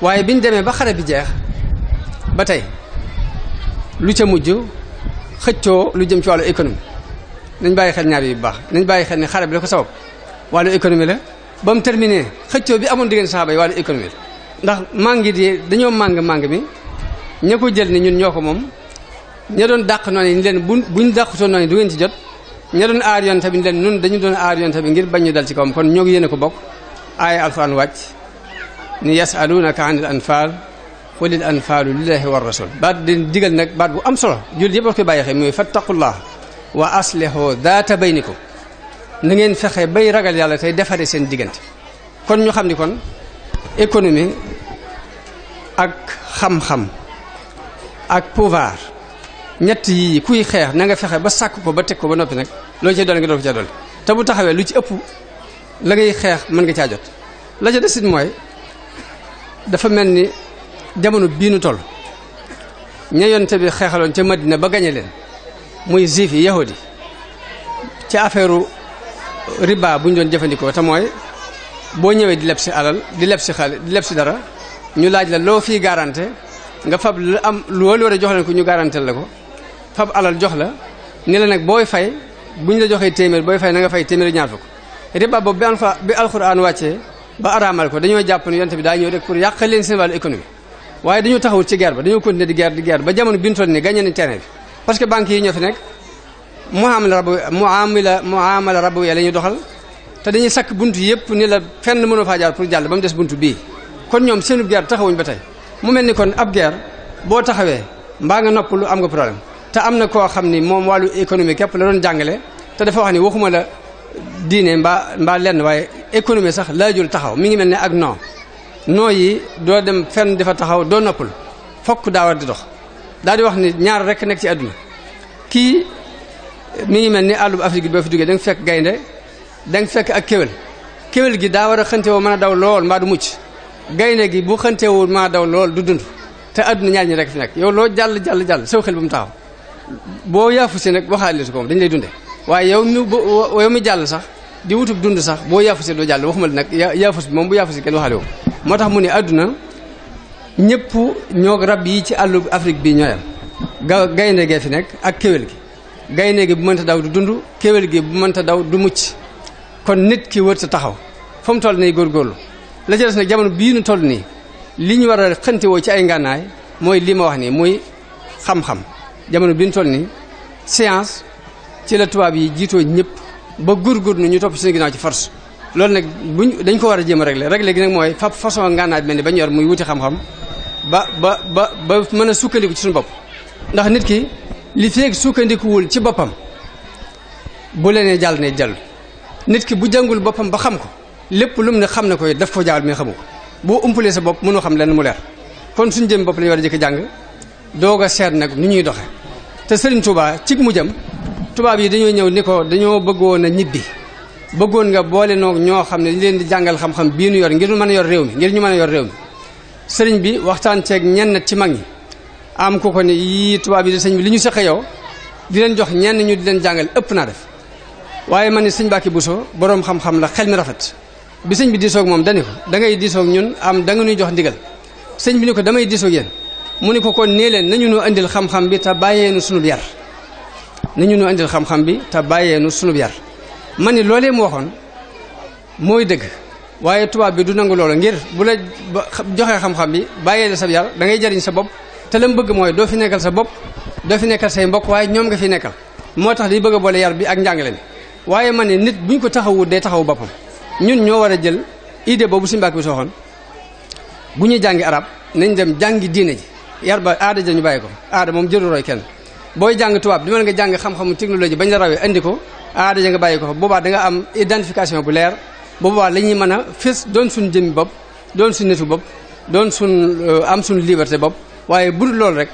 waaye biñ demee ba xare bi jeex ba tey lu ca mujj xëccoo lu jëm ci wàllu économie nañ bàyyi xel ñaar yi bu baax nañ bàyyi xel ni xare bi la ko sabab wàllu économie la ba mu terminé xëccoo bi amoon diggante saxaaba yi wàllu économie la ndax màngi yi dañoo màng màng mi ña ko jël ni ñun ñoo ko moom ña doon dàq noonu ñu leen bu buñ dàqutoon noonu du ngeen ci jot ña doon aar yoon tamit leen nun dañu doon aar yoon tamit ngir bañ ñu dal ci kawam kon ñoo ngi yéen ko bokk aay alxuraan wàcc ni yasalunaka anil walil anfaalu lillahi war rasul baat di digal nag baat bu am solo jullit yëpp war koy bàyyi xel mooy fattaqullah wa aslihoo daata baynikum na ngeen fexe bay ragal yàlla tey defaree seen diggante kon ñu xam ni kon économie ak xam-xam ak pouvoir ñett yii kuy xeex na nga fexe ba sàkk ko ba teg ko ba noppi nag loo cee doole nga dool ko caa doole te bu taxawee lu ci ëpp la ngay xeex mën nga caa jot la ca desit mooy dafa mel ni jamono biinu nu toll ña yonte bi xeexaloon ca maddina ba gañe leen muy juif yi yahudi ci affaire riba bu ñu doon jëfandikoo te mooy boo ñëwee di leb si alal di leb si xaalis di leb si dara ñu laaj la loo fii garante nga fab lu am loolu war a jox leen ko ñu garantel la ko fab alal jox la ne la nag booy fay bu ñu la joxee téeméer booy fay na nga fay téeméer ñaar fukk riba boobu bi alxuraan wàccee ba araamal ko dañoo jàpp ne yonte bi daa ñëw rek yàq leen seen wàllu économie waaye dañoo taxawul ci geer ba dañoo continuer di guerre di guerre ba jamono bi ñu toll nii gagné nañ terrain bi parce que banques yi ñoo fi nekk muamala rabu muamala muamala rabu ya la ñuy doxal te dañuy sakk buntu yëpp ni la fenn mënoo faa jaar pour jàll ba mu des buntu bii kon ñoom seenu geer taxawuñ ba tey mu mel ni kon ab guerre boo taxawee mbaa nga noppalu am nga problème te am na koo xam ni moom wàllu économie képp la doon jàngale te dafa wax ni waxuma la diine mbaa mbaa lenn waaye économie sax laajul taxaw mi ngi mel ne ak non yi doo dem fenn di fa taxaw doo noppal fokk daa war di dox daal di wax ni ñaar rek nekk ci àdduna kii mi ngi mel ni àllub Afrique bi boo fi duggee da fekk gaynde da fekk ak kéwél kéwél gi daa war a xëntewoo mën a daw lool mbaa du mucc gaynde gi bu xëntewoo mën a daw lool du dund te àdduna ñaar ñi rek fi nekk yow loo jàll jàll jàll sew xel bu mu taxaw boo yaafu si nag waxaale su ko dañ lay dunde waaye yow mi yow mi jàll sax di wutub dund sax boo yaafu si doo jàll waxuma nag yaafus bi moom bu yaafu si kenn waxaale woo moo tax mu ne àdduna ñëpp ñoo rab yi ci àllu Afrique bi ñooyam ga gaynde gee fi nekk ak kéwél gi gaynde gi bu mënta daw du dund kéwél gi bu mënta daw du mucc kon nit ki wër sa taxaw fa mu toll nay góor góorlu ci des nag jamono bii ñu toll nii li ñu war a xëntewoo ci ay ngànnaay mooy lii ma wax nii muy xam-xam jamono bi ñu toll nii science ci la tubaab yi jiitoo ñëpp ba góorgóorlu ñu topp seen ginnaaw ci force loolu nag buñ dañ ko war a jéem a régler régler gi nag mooy fab façon ngànnaay mel ni bañ yor muy wuti xam-xam ba ba ba ba mën a sukkandiku ci suñu bopp ndax nit ki li feeg sukkandikuwul ci boppam bu lenee jàll ne jàll nit ki bu jàngul boppam ba xam ko lépp lu mu ne xam na koy daf ko jaawal mais xamu ko boo umpalee sa bopp mënoo xam lenn mu leer kon suñu jëm bopp lañu war a jëkk jàng doog a seet nag ni ñuy doxe te Sëriñ tubaa cig mu jëm tubaab yi dañoo ñëw ni ko dañoo bëggoon a bëggoon nga boole noog ñoo xam ne li leen di jàngal xam-xam bii nu yor ngir ñu mën a yor réew mi ngir ñu mën a yor réew mi sëriñ bi waxtaan ceeg ñenn na ci mag ñi am ko ko ne yii tubaab yi di sëñ bi li ñu seq yow di leen jox ñenn ñu di leen jàngal ëpp naa def waaye man ni sëñ Mbàkke Buso boroom xam-xam la xel mi rafet bi sëñ bi diisoog moom dani ko da ngay diisoog ñun am danga nga ñuy jox ndigal sëñ bi ni ko damay diisoog yéen mu ne ko kon nee leen nañu nu indil xam bi te bàyyeenu sunub yar nañu nu indil xam-xam bi te bàyyeenu sunub man ni loolee mu waxoon mooy dëgg waaye tubaab bi du nangu loolu ngir bu la joxee xam-xam bi bàyyee la sa yar da ngay jariñ sa bopp te lam bëgg mooy doo fi nekkal sa bopp doo fi nekkal say mbokk waaye ñoom nga fi nekkal moo tax di bëgg a boole yar bi ak njàngale mi waaye man ne nit bu buñ ko taxawut day taxaw boppam ñun ñoo war a jël idée boobu suñu mbàkk bi sooxoon bu ñuy jàngi arab nañ dem jàngi diine ji yar ba aada ja ñu bàyyi ko aada moom jëru kenn booy jàng tubaab nga jàng xam-xamu technologie bañ la rawee andi ko aada ja nga bàyyi ko fa boobaa da nga am identification bu leer boobaa la ñuy mën a fés doon suñ jëmmi bopp doon suñ netu bopp doon suñ euh, am suñ liberté bopp waaye bu dul loolu rek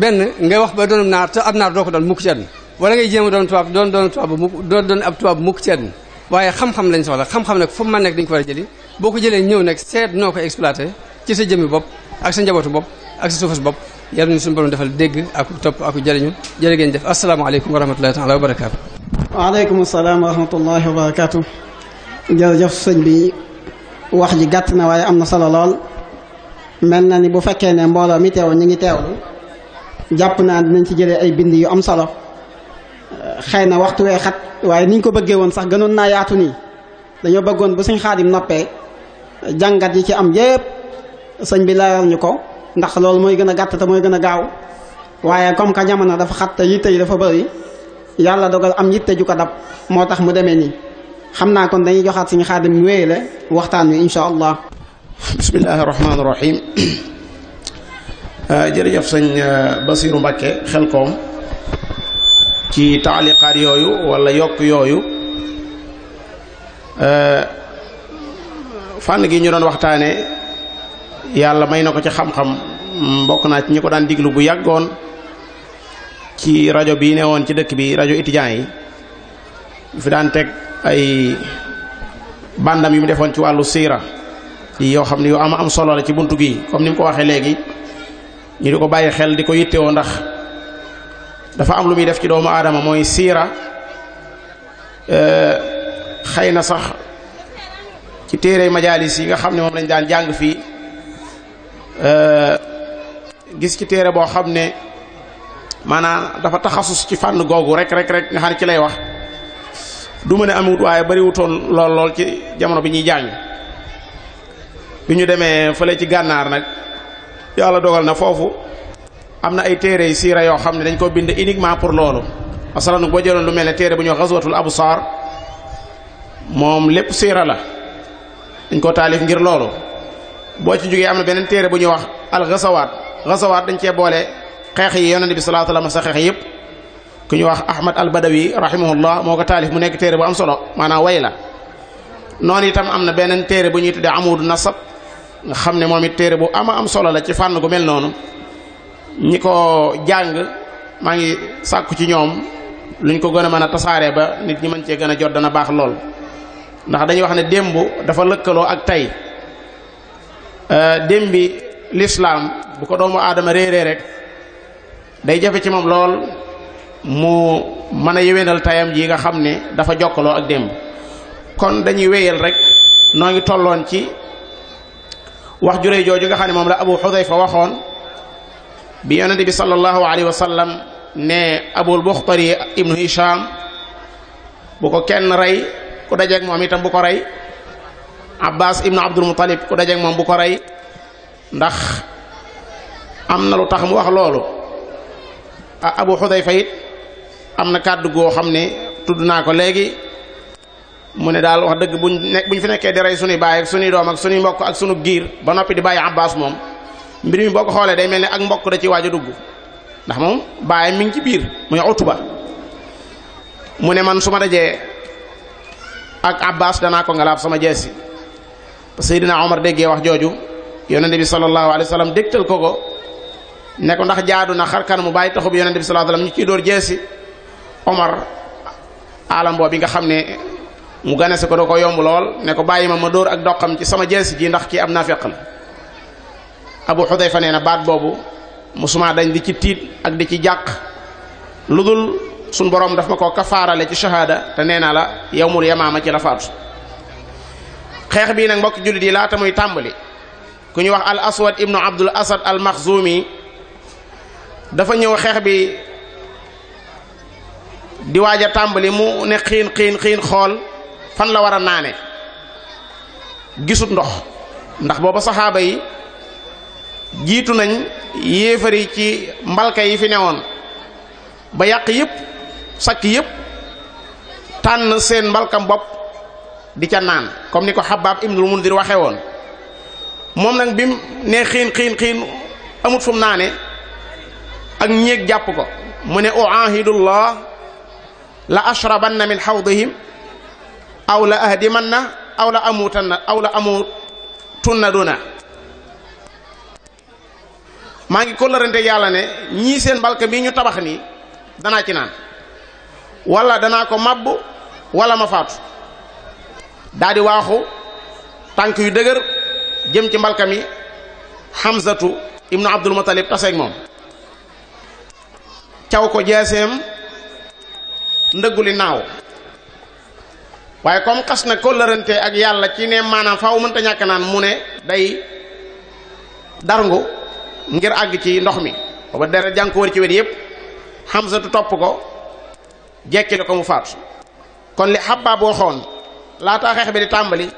benn ngay wax ba doon naar te ab naar doo ko doon mukk ci àdduna wala doon tubaab doon doon tubaab bu doon doon mukk ci àdduna waaye xam-xam lañ soxla xam-xam ne fu mu mën nekk dañ ko war a jëli boo ko jëlee ñëw nag seet noo ko exploité ci sa jëmmi bopp ak sa njabootu bopp ak sa suufas bopp yàlla nañu suñu borom defal dégg ak topp ak jëriñu jërë ngeen def asalaamaaleykum wa rahmatullahi taala wa barakaatu
waaleykum salaam wa rahmatullahi wa barakaatu. sëñ bi wax ji gàtt na waaye am na solo lool mel na ni bu fekkee ne mbooloo mi teew ñu ngi teewlu jàpp naa dinañ ci jëlee ay bind yu am solo xëy na waxtu wee xat waaye niñ ko bëggee woon sax gënoon naa yaatu nii dañoo bëggoon bu suñ xaadim noppee jàngat yi ci am yépp sëñ bi leeral ñu ko ndax loolu mooy gën a gàtt te mooy gën a gaaw waaye comme que jamono dafa xat te yitte yi dafa bëri yàlla dogal am yitte ju ko dab moo tax mu demee nii xam naa kon dañuy joxaat suñu xaadim mu wéy wéyale waxtaan wi incha allah. bismillahi rahmaani rahim euh, jërëjëf sëñ euh, Basiru Mbàkke xel koom ci taaliqaat yooyu walla yokk yooyu euh, fànn gi ñu doon waxtaane yàlla may na ko ci xam-xam bokk naa ci ñu ko daan diglu bu yàggoon. ci rajo bii ne woon ci dëkk bi rajo étudiants yi fi daan teg ay bandam yu mu defoon ci wàllu siira yoo xam ne yu am am solo la ci buntu gi comme ni mu ko waxee léegi ñu di ko bàyyi xel di ko yittewoo ndax dafa am lu muy def ci doomu aadama mooy siira eh, xëy na sax ci téere majaalis yi nga xam ne moom lañ daan jàng fii eh, gis ci téere boo xam ne maanaam dafa taxasus ci fànn googu rek rek rek nga xam ne ci lay wax du ma ne amut waaye bariwutoon lool lool ci jamono bi ñuy jàng bi ñu demee fële ci gànnaar nag yàlla dogal na foofu am na ay téere siira yoo xam ne dañ ko bind uniquement pour loolu asalan boo jëloon lu mel ne téere bu ñuy wax xaswatul absaar moom lépp siira la dañ ko taalif ngir loolu boo ci jógee am na beneen téere bu ñuy wax al xasawaat xasawaat dañ cee boole xeex yi yonent bi sallallahu alayhi wa sallam sa xeex yëpp ku ñu wax ahmad al badawi rahimahullah moo ko taalif mu nekk téere bu am solo maanaam way la noonu itam am na beneen téere bu ñuy tuddee na nasab nga xam ne moom it téere bu ama am solo la ci fànn gu mel noonu ñi ko jàng maa ngi sàkku ci ñoom luñ ko gën a mën a tasaaree ba nit ñi mën cee gën a jot dana baax lool ndax dañuy wax ne démb dafa lëkkaloo ak tey euh, démb bi lislaam bu ko doomu aadama réeree rek day jafe ci moom lool mu mën a yewénal tayam ji nga xam ne dafa jokkaloo ak démb kon dañuy wéyal rek noo ngi tolloon ci wax juré jooju nga xam ne moom la abu xudayfa waxoon bi yonente bi sallallahu alayhi wa sallam ne abul buxtari ibnu hisham bu ko kenn rey ku dajeeg moom itam bu ko rey abbas ibnu abdul mutalib ku dajeeg moom bu ko rey ndax am na lu tax mu wax loolu ah Abu Xudayfa it am na kàddu goo xam ne tudd naa ko léegi mu ne daal wax dëgg buñ nekk buñ fi nekkee di rey suñuy baay ak doom ak suñu mbokk ak suñu giir ba noppi di bàyyi Abbas moom mbir mi boo ko xoolee day mel ni ak mbokk da ci waaj a dugg ndax moom baayam mi ngi ci biir muy Utba mu ne man su ma dajee ak Abbas danaa ko ngalaab sama jeesi Seydina Omar déggee wax jooju yonente bi sallallahu alayhi wa sallam dégtal ko ko ne ko ndax jaadu na xar kanamu bàyyi taxu bi yonente bi sallallahu alayhi wasallam ñu ciy dóor jeesi Omar alamboo bi nga xam ne mu gane si ko da ko yomb lool ne ko bàyyi ma ma dóor ak doqam ci sama jeesi ji ndax kii am naa feqal Abu Xudayfa nee na baat boobu musuma dañ di ci tiit ak di ci jàq lu dul suñ borom daf ma ko kafaarale ci shahada te nee naa la yowmul yamaama ci la faatu xeex bii nag mbokki jullit yi laata muy tàmbali ku ñu wax al aswad ibnu abdul asad al maxzumi dafa ñëw xeex bi di waaj a tàmbali mu ne xiin xiin xiin xool fan la wara a naane gisut ndox ndax booba saxaaba yi jiitu nañ yéefar yi ci mbalka yi fi newoon ba yàq yépp sàcc yépp tànn seen mbalkam bopp di ca naan comme ni ko xabaab ibnul mundir waxe woon moom nag bi ne xiin xiin xiin amut fu naane ak ñéeg jàpp ko mu ne uahidullah la ashrabanna min xawdihim aw la na aw la amutanna aw la amutunna duna maa ngi kóllërante yàlla ne ñii seen mbalka mii ñu tabax nii danaa ci naan wala danaa ko màbb walla ma faatu daa di waaxu tànk yu dëgër jëm ci mbalka mi Hamzatu ibnu Abdul Mutalib taseeg moom caw ko jaaseem ndëgguli naaw waaye comme xas na kóllërante ak yàlla ci ne maanaam faaw mënta ñàkk naan mu ne day darngu ngir àgg ci ndox mi booba deret jàng ko ci wet yépp xamsatu topp ko jekkile ko mu faatu kon li xabbaab waxoon laataa xeex bi di tàmbali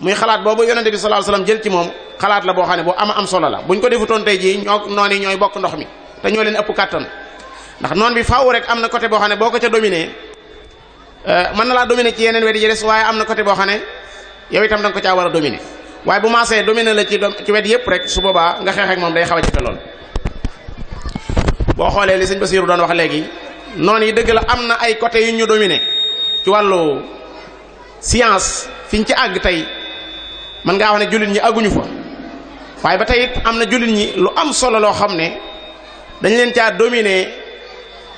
muy xalaat boobu yonente bi sallallahu alayhi wasallam jël ci moom xalaat la boo xam ne boo ama am solo la buñ ko defutoon tey jii ñoo noonu ñooy bokk ndox mi te ñoo leen ëpp kàttan ndax noon bi faaw rek am na côté boo xam ne boo ko ca dominé euh, mën na laa dominé ci yeneen wet yi des waaye am na côté boo xam ne yow itam da ko caa war a dominé waaye bu maasee dominé la ci ci wet yëpp rek su boobaa nga moom day xaw a jafe xoolee li sëñ Basiiru doon wax léegi noonu yi dëgg la am na ay côté yu ñu dominé ci wàllu science fi ci àgg tey mën ngaa wax ne jullit ñi àgguñu fa waaye ba tey am na jullit ñi lu am solo loo xam ne. dañ leen caa domine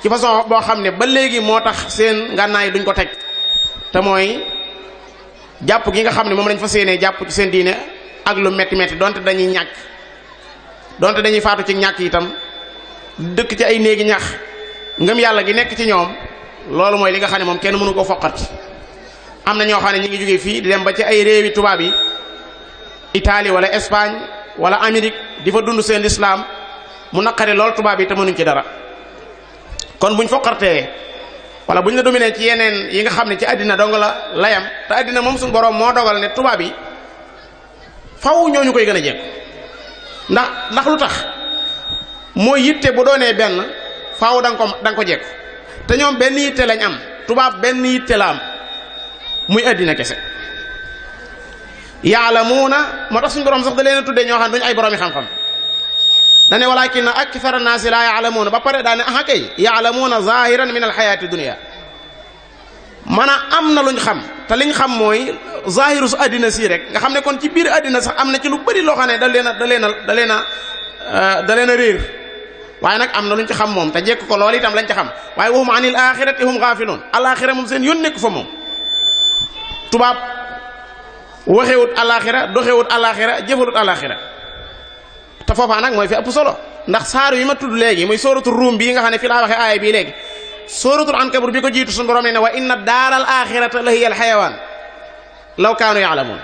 ci façon boo xam ne ba léegi moo tax seen ngànnaay duñ ko teg te mooy jàpp gi nga xam ne moom dañ fa seenee jàpp ci seen diine ak lu metti metti donte dañuy ñàkk donte dañuy faatu ci ñàkk itam dëkk ci ay néegi ñax ngëm yàlla gi nekk ci ñoom loolu mooy li nga xam ne moom kenn mënu ko foqat am na ñoo xam ne ñu ngi jógee fii di dem ba ci ay réewi tubaab yi Italie wala Espagne wala Amérique di fa dund seen lislaam mu naqari lool tubaab yi te mënuñ ci dara kon buñ foqartee wala buñ la dominé ci yeneen yi nga xam ne ci àddina dong la layam te àddina moom suñ boroom moo dogal ne tubaab yi faw ñoo ñu koy gën a jéem ndax ndax lu tax mooy yitte bu doonee benn faw da ko da ko jekk te ñoom benn yitte lañ am tubaab benn yitte la am muy àddina kese yaalamuuna moo tax suñu borom sax da leen a tuddee ñoo xam duñ ay boromi xam-xam. dane ak akthara naasi laa yaalamuuna ba pare daane aha kay yaalamuuna zahiran min alxayaati dunia man a am na luñ xam te liñ xam mooy zahiru su àddina sii rek nga xam ne kon ci biir àddina sax am na ci lu loo xam ne da leen a da leen a da leen a euh, nag am na luñ ci xam moom te jekk ko loolu itam lañ ca xam waaye wahum anil axirati hum gaafiluun alaxira moom seen yoon nekk fa moom tubaab waxewut alaxira doxewut alaxira jëfewut alaxira te foofaa nag mooy fi ëpp solo ndax saar yi ma tudd léegi muy sóoratul ruum bi nga xam ne fi laa waxee aaya bii léegi sóoratul ankabur bi ko jiitu suñu borom ne ne wa inna daaral axirata la hiya al xayawaan law kaanu yaalamuun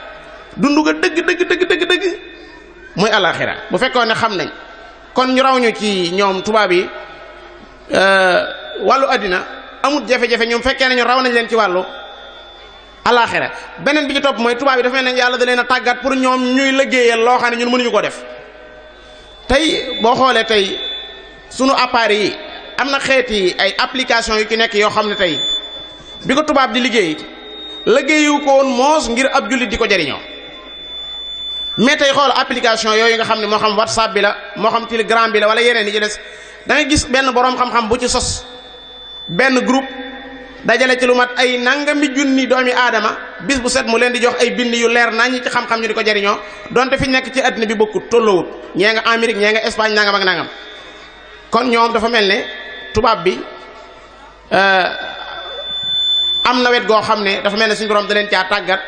dundu ga dëgg dëgg dëgg dëgg dëgg muy alaxira bu fekkoon ne xam nañ kon ñu raw ñu ci ñoom tubaab yi euh, wàllu addina amut jafe-jafe ñoom fekkee nañu raw nañ leen ci wàllu alaxira beneen bi ci topp mooy tubaab yi dafa mel ne yàlla da leen a tàggat pour ñoom ñuy liggéeyal loo xam ne ñun mënuñu ko def tey boo xoolee tey sunu appareil yi am na xeeti ay application yu ci nekk yoo xam ne tey bi ko tubaab di liggéey liggéeyu ko woon moos ngir ab jullit di ko jariñoo mais tey xool application yooyu nga xam ne moo xam whatsapp bi la moo xam telegram bi la wala yeneen yi ci des da gis benn boroom xam-xam bu ci sos benn groupe dajale ci lu mat ay nangami junni doomi aadama bis bu set mu leen di jox ay bind yu leer nañ ci xam-xam ñu di ko jariñoo donte fi nekk ci àddina bi bokkut tolloowut ñee nga Amérique ñee nga Espagne nangam ak nangam kon ñoom dafa mel ne tubaab bi euh, am na wet goo xam ne dafa mel ne suñ borom da leen caa tàggat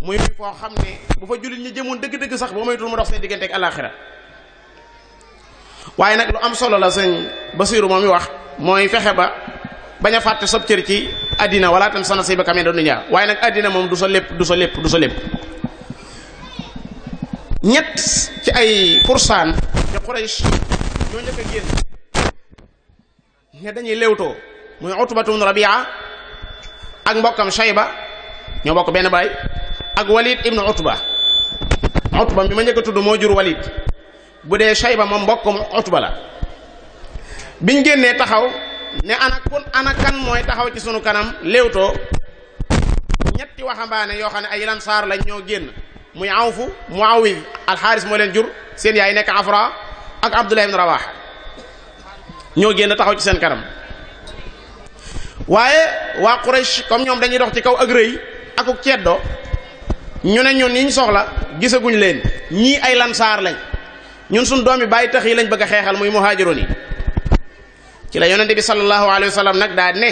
muy foo xam ne bu fa jullit ñi jëmoon dëgg-dëgg sax boo moytul mu dox seen diggante ak alaaxira waaye nag lu am solo la sëñ Basiiru moom mi wax mooy fexe ba bañ a fàtte sob cër ci addina wala tam sa nasiiba kamee doon ñaa waaye nag addina moom du sa lépp du sa lépp ñett ci ay poursan ci Quraysh ñoo njëkk génn ne dañuy léewtoo muy Utbatu ibn Rabia ak mbokkam Shayba ñoo bokk benn baay ak Walid ibnu Utba Utba bi ma njëkk tudd moo jur Walid bu dee Shayba moom mbokkum Utba la biñ génnee taxaw ne ana kun ana kan mooy taxaw ci sunu kanam léewtoo ñetti waxambaane yoo xam ne ay lansaar lañ ñoo génn muy awfu muawid alxaaris moo leen jur seen yaay nekk afra ak abdullah ibn rawax ñoo génn taxaw ci seen kanam waaye waa Quraysh comme ñoom dañuy dox ci kaw ak rëy akuk ceddo ñu ne ñun yi ñu soxla gisaguñ leen ñii ay lansaar lañ ñun suñ doom yi bàyyi tax yi lañ bëgg xeexal muy muhaajiroon yi ci la yonente bi sallallahu alayhi wa sallam nag daa ne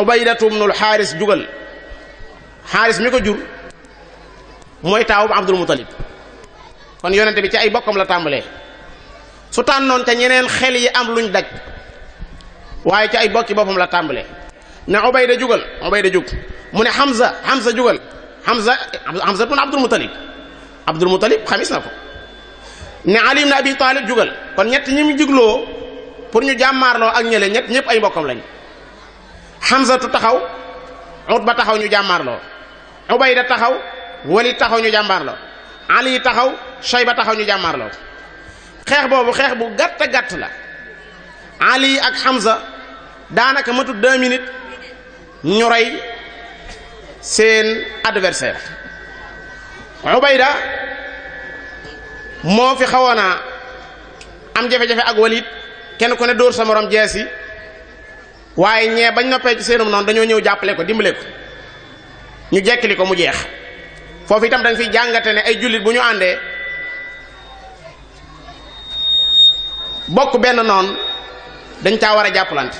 ubaydatu bnul xaaris jugal xaaris mi ko jur mooy taawub abdul mutalib kon yonente bi ci ay bokkam la tàmbalee su tànnoon te ñeneen xel yi am luñ daj waaye ci ay bokki boppam la tàmbalee ne ubayda jugal ubayda jug mu ne Hamza Hamza jugal Hamza Hamza tun Abdul Mutalib Abdul na ko ne Ali ibn Abi jugal kon ñett ñi mu jugloo pour ñu jàmmaarloo ak ñële ñett ñëpp ay mbokkam lañ xamsatu taxaw ba taxaw ñu jàmmaarloo ubayda taxaw walid taxaw ñu jàmmaarloo ali taxaw ba taxaw ñu jàmmaarloo xeex boobu xeex bu gàtt gàtt la ali ak xamsa daanaka matu deux minutes ñu rey seen adversaire ubayda moo fi xawoon a am jafe-jafe ak walid kenn ku ne dóor sa moroom jees yi waaye ñee bañ noppee ci seenum noonu dañoo ñëw jàppale ko dimbale ko ñu jekkili ko mu jeex foofu itam dañ fiy jàngate ne ay jullit bu ñu àndee bokk benn noon dañ caa war a jàppalante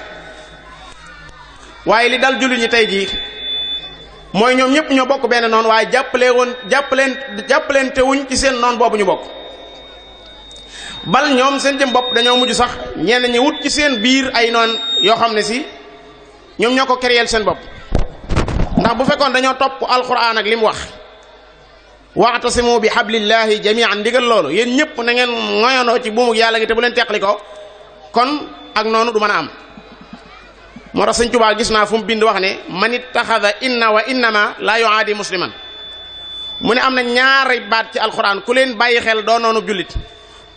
waaye li dal jullit ñi tey jii mooy ñoom ñëpp ñoo bokk benn noon waaye jàppale woon jàppaleen jàppalante wuñ ci seen noonu boobu ñu bokk bal ñoom seen jëm bopp dañoo mujj sax ñenn ñi wut ci seen biir ay noon yoo xam ne si ñoom ñoo ko créer seen bopp ndax bu fekkoon dañoo topp alquran ak li mu wax waxtasimu bi xablillahi jamian ndigal loolu yéen ñëpp na ngeen ngoyandoo ci buumug yàlla gi te bu leen teqli ko kon ak noonu du mën a am moo tax sëñ Tuubaa gis naa fu mu bind wax ne man ittaxada inna wa innama laa yuaadi musliman mu ne am na ñaari baat ci alquran ku leen bàyyi xel doo noonu jullit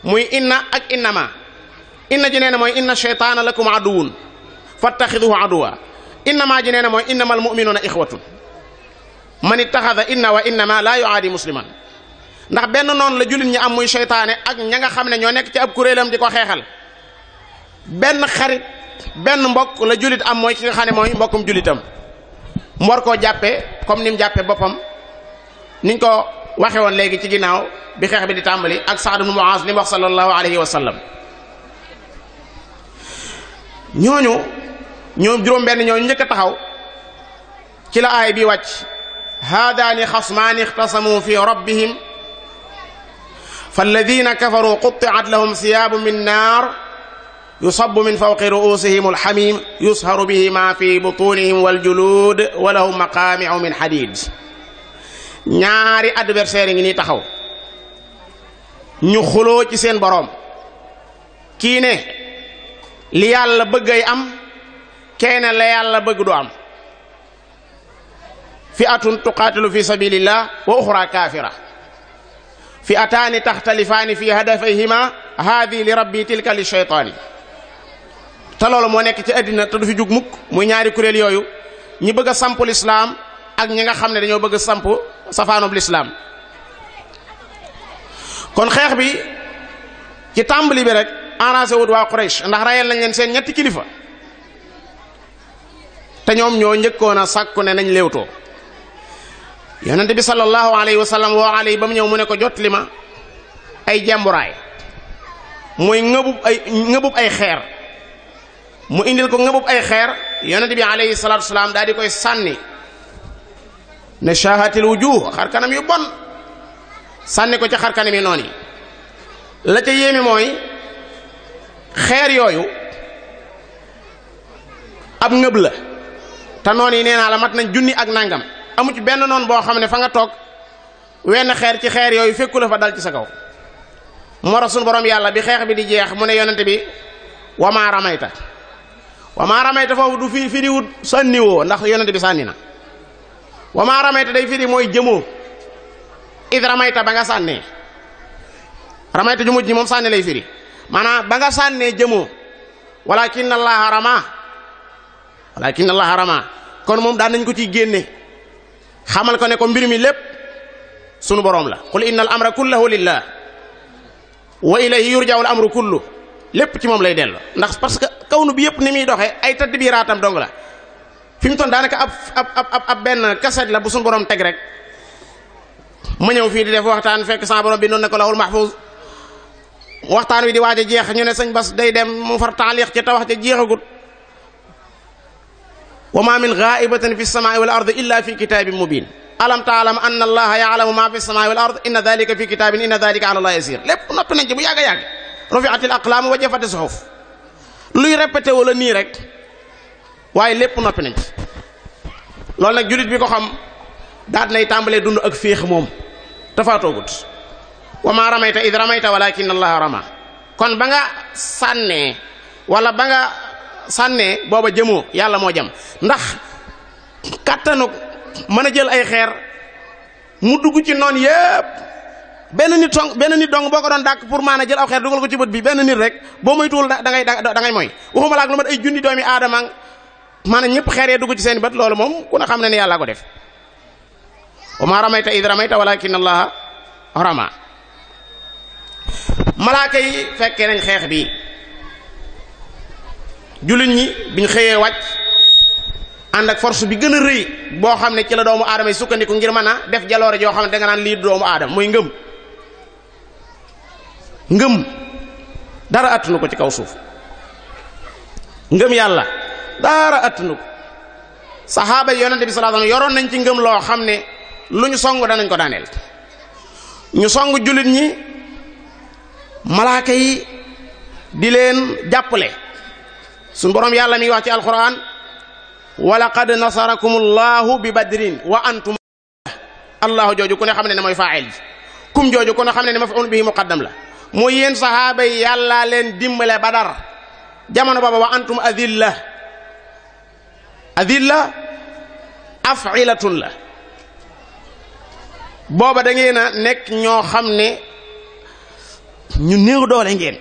muy inna ak innama inna ji nee na mooy inna cheytaana lakum aduwun fattaxiduhu aduwa innama ji nee na mooy innama al muminuuna ixwatun man ittaxada inna wa innama laa yuaadi musliman ndax benn noon la jullit ñi am muy cheytaane ak ña nga xam ne ñoo nekk ci ab kuréelam di ko xeexal benn xarit benn mbokk la jullit am mooy ki nga xam ne mooy mbokkum jullitam mu koo jàppee comme nim mu jàppee boppam niñ ko waxe woon léegi ci ginnaaw bi xeex bi di tàmbali ak Saad ibn Muaz li mu wax sallallahu alayhi wa sallam ñooñu ñoom juróom-benn ñooñu njëkk a taxaw ci la aay bi wàcc haadaani xasmaani ixtasamu fi rabbihim falladina kafaru quttiat lahum siyaabu min naar yusabu min fawqi ruusihim alxamim yusharu bihi ma fi butunihim waljuluud wa lahum maqaamicu min xadiid ñaari adversaire yi ngi nii taxaw ñu xuloo ci seen boroom kii ne li yàlla bëggay am kee ne la yàlla bëgg du am fi atun tuqaatilu fi sabilillah wa uxra kaafira fi ataani taxtalifaani fi hadafayhima haadi li rabbi tilka li sheytaani te loolu moo nekk ci àddina te du fi jug mukk muy ñaari kuréel yooyu ñi bëgg sampu lislaam ak ñi nga xam ne dañoo bëgg samp safaanub lislaam kon xeex bi ci tàmbali bi rek arrangé wut waa Quraysh ndax rayal nañ leen seen ñetti kilifa te ñoom ñoo njëkkoon a sàkku ne nañ léewtoo yonente bi sallallahu alayhi wa sallam ba mu ñëw mu ne ko jot li ma ay jemburaay mooy ngëbub ay ngëbub ay xeer mu indil ko ngëbub ay xeer yonente bi salaat salaatu wasalaam daal di koy sànni ne shahatil wujuh xar kanam yu bon sànni ko ci xar kanam yi la ca yéeme mooy xeer yooyu ab ngëb la te noon yi nee naa la mat nañ junni ak nangam amu ci benn noon boo xam ne fa nga toog wenn xeer ci xeer yooyu fekku la fa dal ci sa kaw moo tax sunu yàlla bi xeex bi di jeex mu ne yonent bi wamaa ramayta wamaa ramayta foofu du fi firiwut sànniwoo ndax yonent bi sànni na wa maa ramayta day firi mooy jëmoo id ramayta ba nga sànnee ramayta ju mujj moom sànni lay firi maanaam ba nga sànnee jëmoo walakin allaha rama walakin allaha rama kon moom daan nañ ko ciy génne xamal ko ne ko mbir mi lépp sunu boroom la qul inna al amra kullahu lillah wa ilayhi yurja'u al amru kullu lépp ci moom lay dellu ndax parce que kaw nu bi yëpp ni muy doxee ay tadbiraatam dong la fi mu toon daanaka ab ab ab ab benn kaset la bu suñu borom teg rek ma ñëw fii di def waxtaan fekk sama borom bi noonu ne ko lawul mahfuz waxtaan wi di waaj a jeex ñu sañ sëñ Bas day dem mu far taalix ci te wax ca jeexagut wa ma min gaa'ibatin fi samaai wal ard illa fi kitaabin mubin alam taalam anna allaha yaalamu ma fi samaai wal ard inna dalika fi kitaabin inna dalika ala allah yasir lépp noppi nañ ci bu yàgg a yàgg rufiatil wa jafati suhuf luy répété wala nii rek waaye lépp noppi nañ ci loolu nag jullit bi ko xam daat lay tàmbalee dund ak féex moom tafaatoogut wa maa ramayta id ramayta walakin allaha rama kon ba nga sànnee wala ba nga sànnee booba jëmoo yàlla moo jëm ndax kàttanu mën a jël ay xeer mu dugg ci noon yépp benn nit song benn nit dong boo ko doon dàkk pour maana jël aw xeer dugal ko ci bët bi benn nit rek boo moytuwul da ngay da ngay mooy lu mat ay junni doomi aadama maanaam ñëpp xeer ya dugg ci seen bët loolu moom ku ne xam ne ne yàlla ko def wa ma ramayta id ramayta walakin allaha rama malaaka yi fekkee nañ xeex bi jullit ñi biñ xëyee wàcc ànd ak force bi gën a rëy boo xam ne ci la doomu aadama yi sukkandiku ngir mën a def jaloore joo xam ne danga naan lii doomu aadama mooy ngëm ngëm dara attunu ko ci kaw suuf ngëm yàlla daara attunu ko saxaaba yi bi sallallahu alayhi wasallam yoroon nañ ci ngëm loo xam ne lu ñu song danañ ko daaneel ñu song jullit ñi malaaka yi di leen jàppale suñ boroom yàlla mi wax ci alquran wa laqad nasarakum allahu bi badrin wa antum allahu jooju ku ne xam ne ne mooy faa'il ji kum xam ne ne maf'ul saxaaba yi yàlla leen dimbale badar jamono booba wa antum adilla adilla afilatun la booba dangeen ngeen a nekk ñoo xam ne ñu néew doole ngeen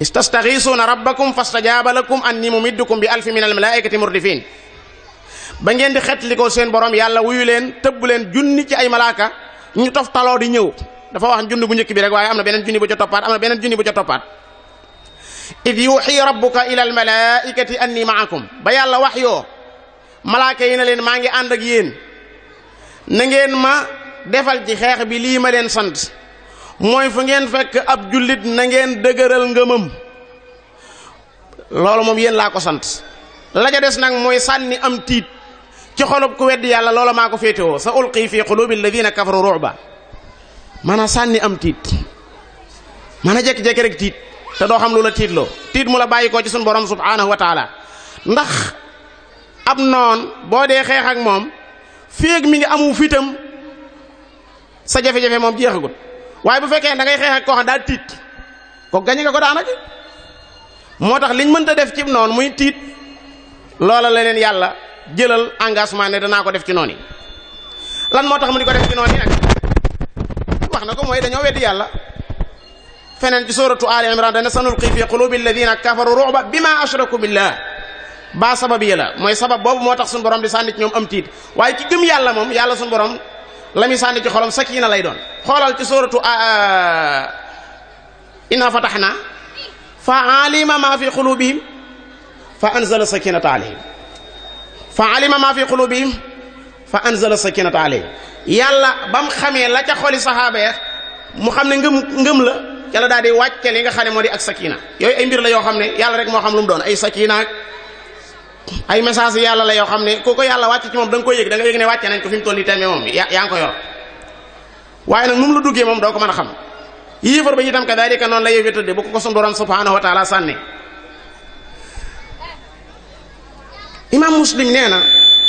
istastaxiisuuna rabbakum fastajaaba lakum anni mumiddukum bi alfi min almalaikati murdifin ba ngeen di xetlikoo seen borom yàlla wuyu leen tëbb leen junni ci ay malaaka ñu tof taloo di ñëw dafa wax junni bu njëkk bi rek waaye am na beneen junni bu ca toppaat am na beneen junni bu ca toppaat id yuuxii rabbuka ila al malaikati anni maakum ba yàlla wax yoo malaaka yi na leen maa ngi ànd ak yéen na ngeen ma defal ci xeex bi lii ma leen sant mooy fu ngeen fekk ab jullit na ngeen dëgëral ngëmam loolu moom yéen laa ko sant la ja des nag mooy sànni am tiit ci xolub ku weddi yàlla loola maa ko féetewoo sa ulqi fi qulubi alladina kafaru ruba maanaam sànni am tiit maanaam jekki-jekki rek tiit te doo xam lu la tiitloo tiit mu la bàyyi ko ci suñu borom subhaanahu wa taala ndax ab noon boo dee xeex ak moom féeg mi ngi amu fitam sa jafe-jafe moom jeexagut waaye bu fekkee da ngay koo xam daal tiit ko gañe ko daanaka moo tax liñ mënta def ci noonu muy tiit loola leneen yàlla jëlal engagement ne danaa ko def ci noon yi lan moo tax mu di ko def ci noonu yi nag wax na ko mooy dañoo weddi yàlla. feneen ci suratu ali imran dana sanulqi fi qulubi alladina kafaru ruba bima ashraku billah baa sabab yi la mooy sabab boobu moo tax suñu borom di sànni ci ñoom am tiit waaye ki gëm yàlla moom yàlla suñu borom la muy sànni ci xolam sakina lay doon xoolal ci suratu ah, ah, inna fatahna fa alima ma fi qulubihim fa anzala sakinata alayhim fa alima ma fi qulubihim fa anzala sakinata alayhim yàlla bam xamee la ca xoli sahaaba ya mu xam ne ngëm ngëm la ca la daal di wàcce li nga xam ne moo di ak sakina yooyu ay mbir la yoo xam ne yàlla rek moo xam lu mu doon ay sakina ay message yàlla la yoo xam ne ku yàlla wàcc ci moom da nga koy yëg da nga yëg ne wàcce nañ ko fi mu toll nii teme moom yaa ngi ko yor waaye nag nu mu la duggee moom doo ko mën a xam yéefar ba itam ka daal di ka noonu la yow tëdde bu ko ko sunu borom subhanahu sànni imaam muslim nee na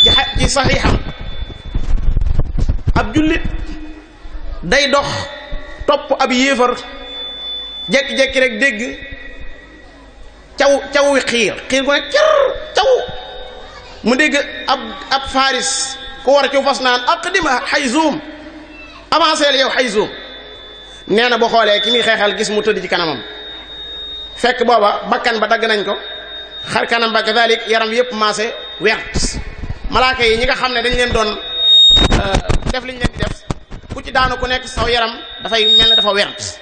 sa ci saxiixam ab jullit day dox topp jekki-jekki rek dégg caw cawu xiir xiir ko ne cer caw mu dégg ab ab faris ku war a ciw fas naan aqdima xayzuum avancé la yow xayzuum nee na bu xoolee ki muy xeexal gis mu tëdd ci kanamam fekk booba bakkan ba dagg nañ ko xar kanam ba kadalik yaram yëpp maase wert malaaka yi ñi nga xam ne dañ leen doon euh, def liñ leen di def ku ci daanu ku nekk saw yaram dafay mel ne dafa wert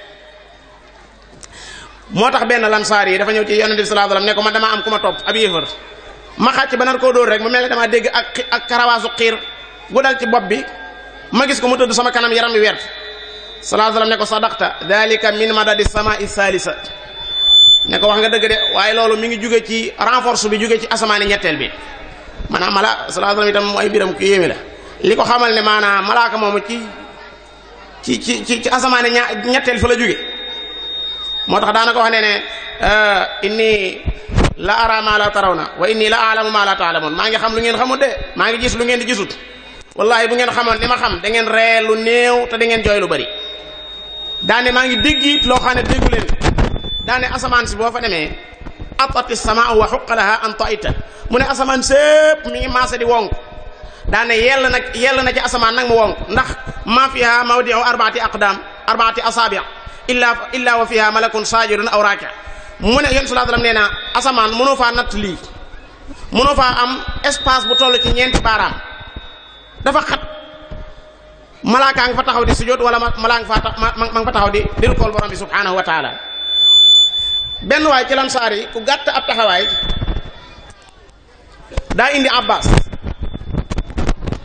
moo tax benn lansaar yi dafa ñëw ci yonent bi sallallahu alayhi wasallam ne ko man damaa am ku ma topp ab yéefar ma xàcc ba nar koo dóor rek mu mel ne dégg ak ak karawaasu xiir gu ci bopp bi ma gis ko mu tëdd sama kanam yaram wi wert sallallahu alayhi wasallam ne ko sadaqta ma min madadi samaa'i salisa ne ko wax nga dëgg de waaye loolu mi ngi jóge ci renforce bi jóge ci asamaani ñetteel bi maanaam mala sallallahu alayhi wasallam itam ay biram ku la li ko xamal ne maanaam malaaka moom ci ci ci ci asamaani ña ñetteel fa la jóge moo tax daana ko wax ne ne euh, inni la ara ma la taraw na wa inni la aalamu ma la taalamoon maa ngi xam lu ngeen xamul de maa ngi gis lu ngeen di gisut wallahi bu ngeen xamoon li ma xam da ngeen ree lu néew te da jooy lu bari daane maa ngi dégg it loo xam ne leen daane asamaan si boo fa demee atati samaa wa xuqalaha an taita mu ne asamaan sépp mi ngi maase di wonk daane yell nag yell na ci asamaan nag mu wonk ndax ma fiha mawdiu arbaati aqdaam arbaati illa illa wa fiha malakun sajidun aw rakia mu ne yon sallallahu alayhi wa nee na asamaan mënoo faa natt lii mënoo faa am espace bu toll ci ñeenti baaraam dafa xat malaakaa fa taxaw di sujjóot wala malaa nga fa ma nga fa taxaw di di rukool borom bi subhanahu wa taala benn waay ci lansaar yi ku gàtt ab taxawaay daa indi abbas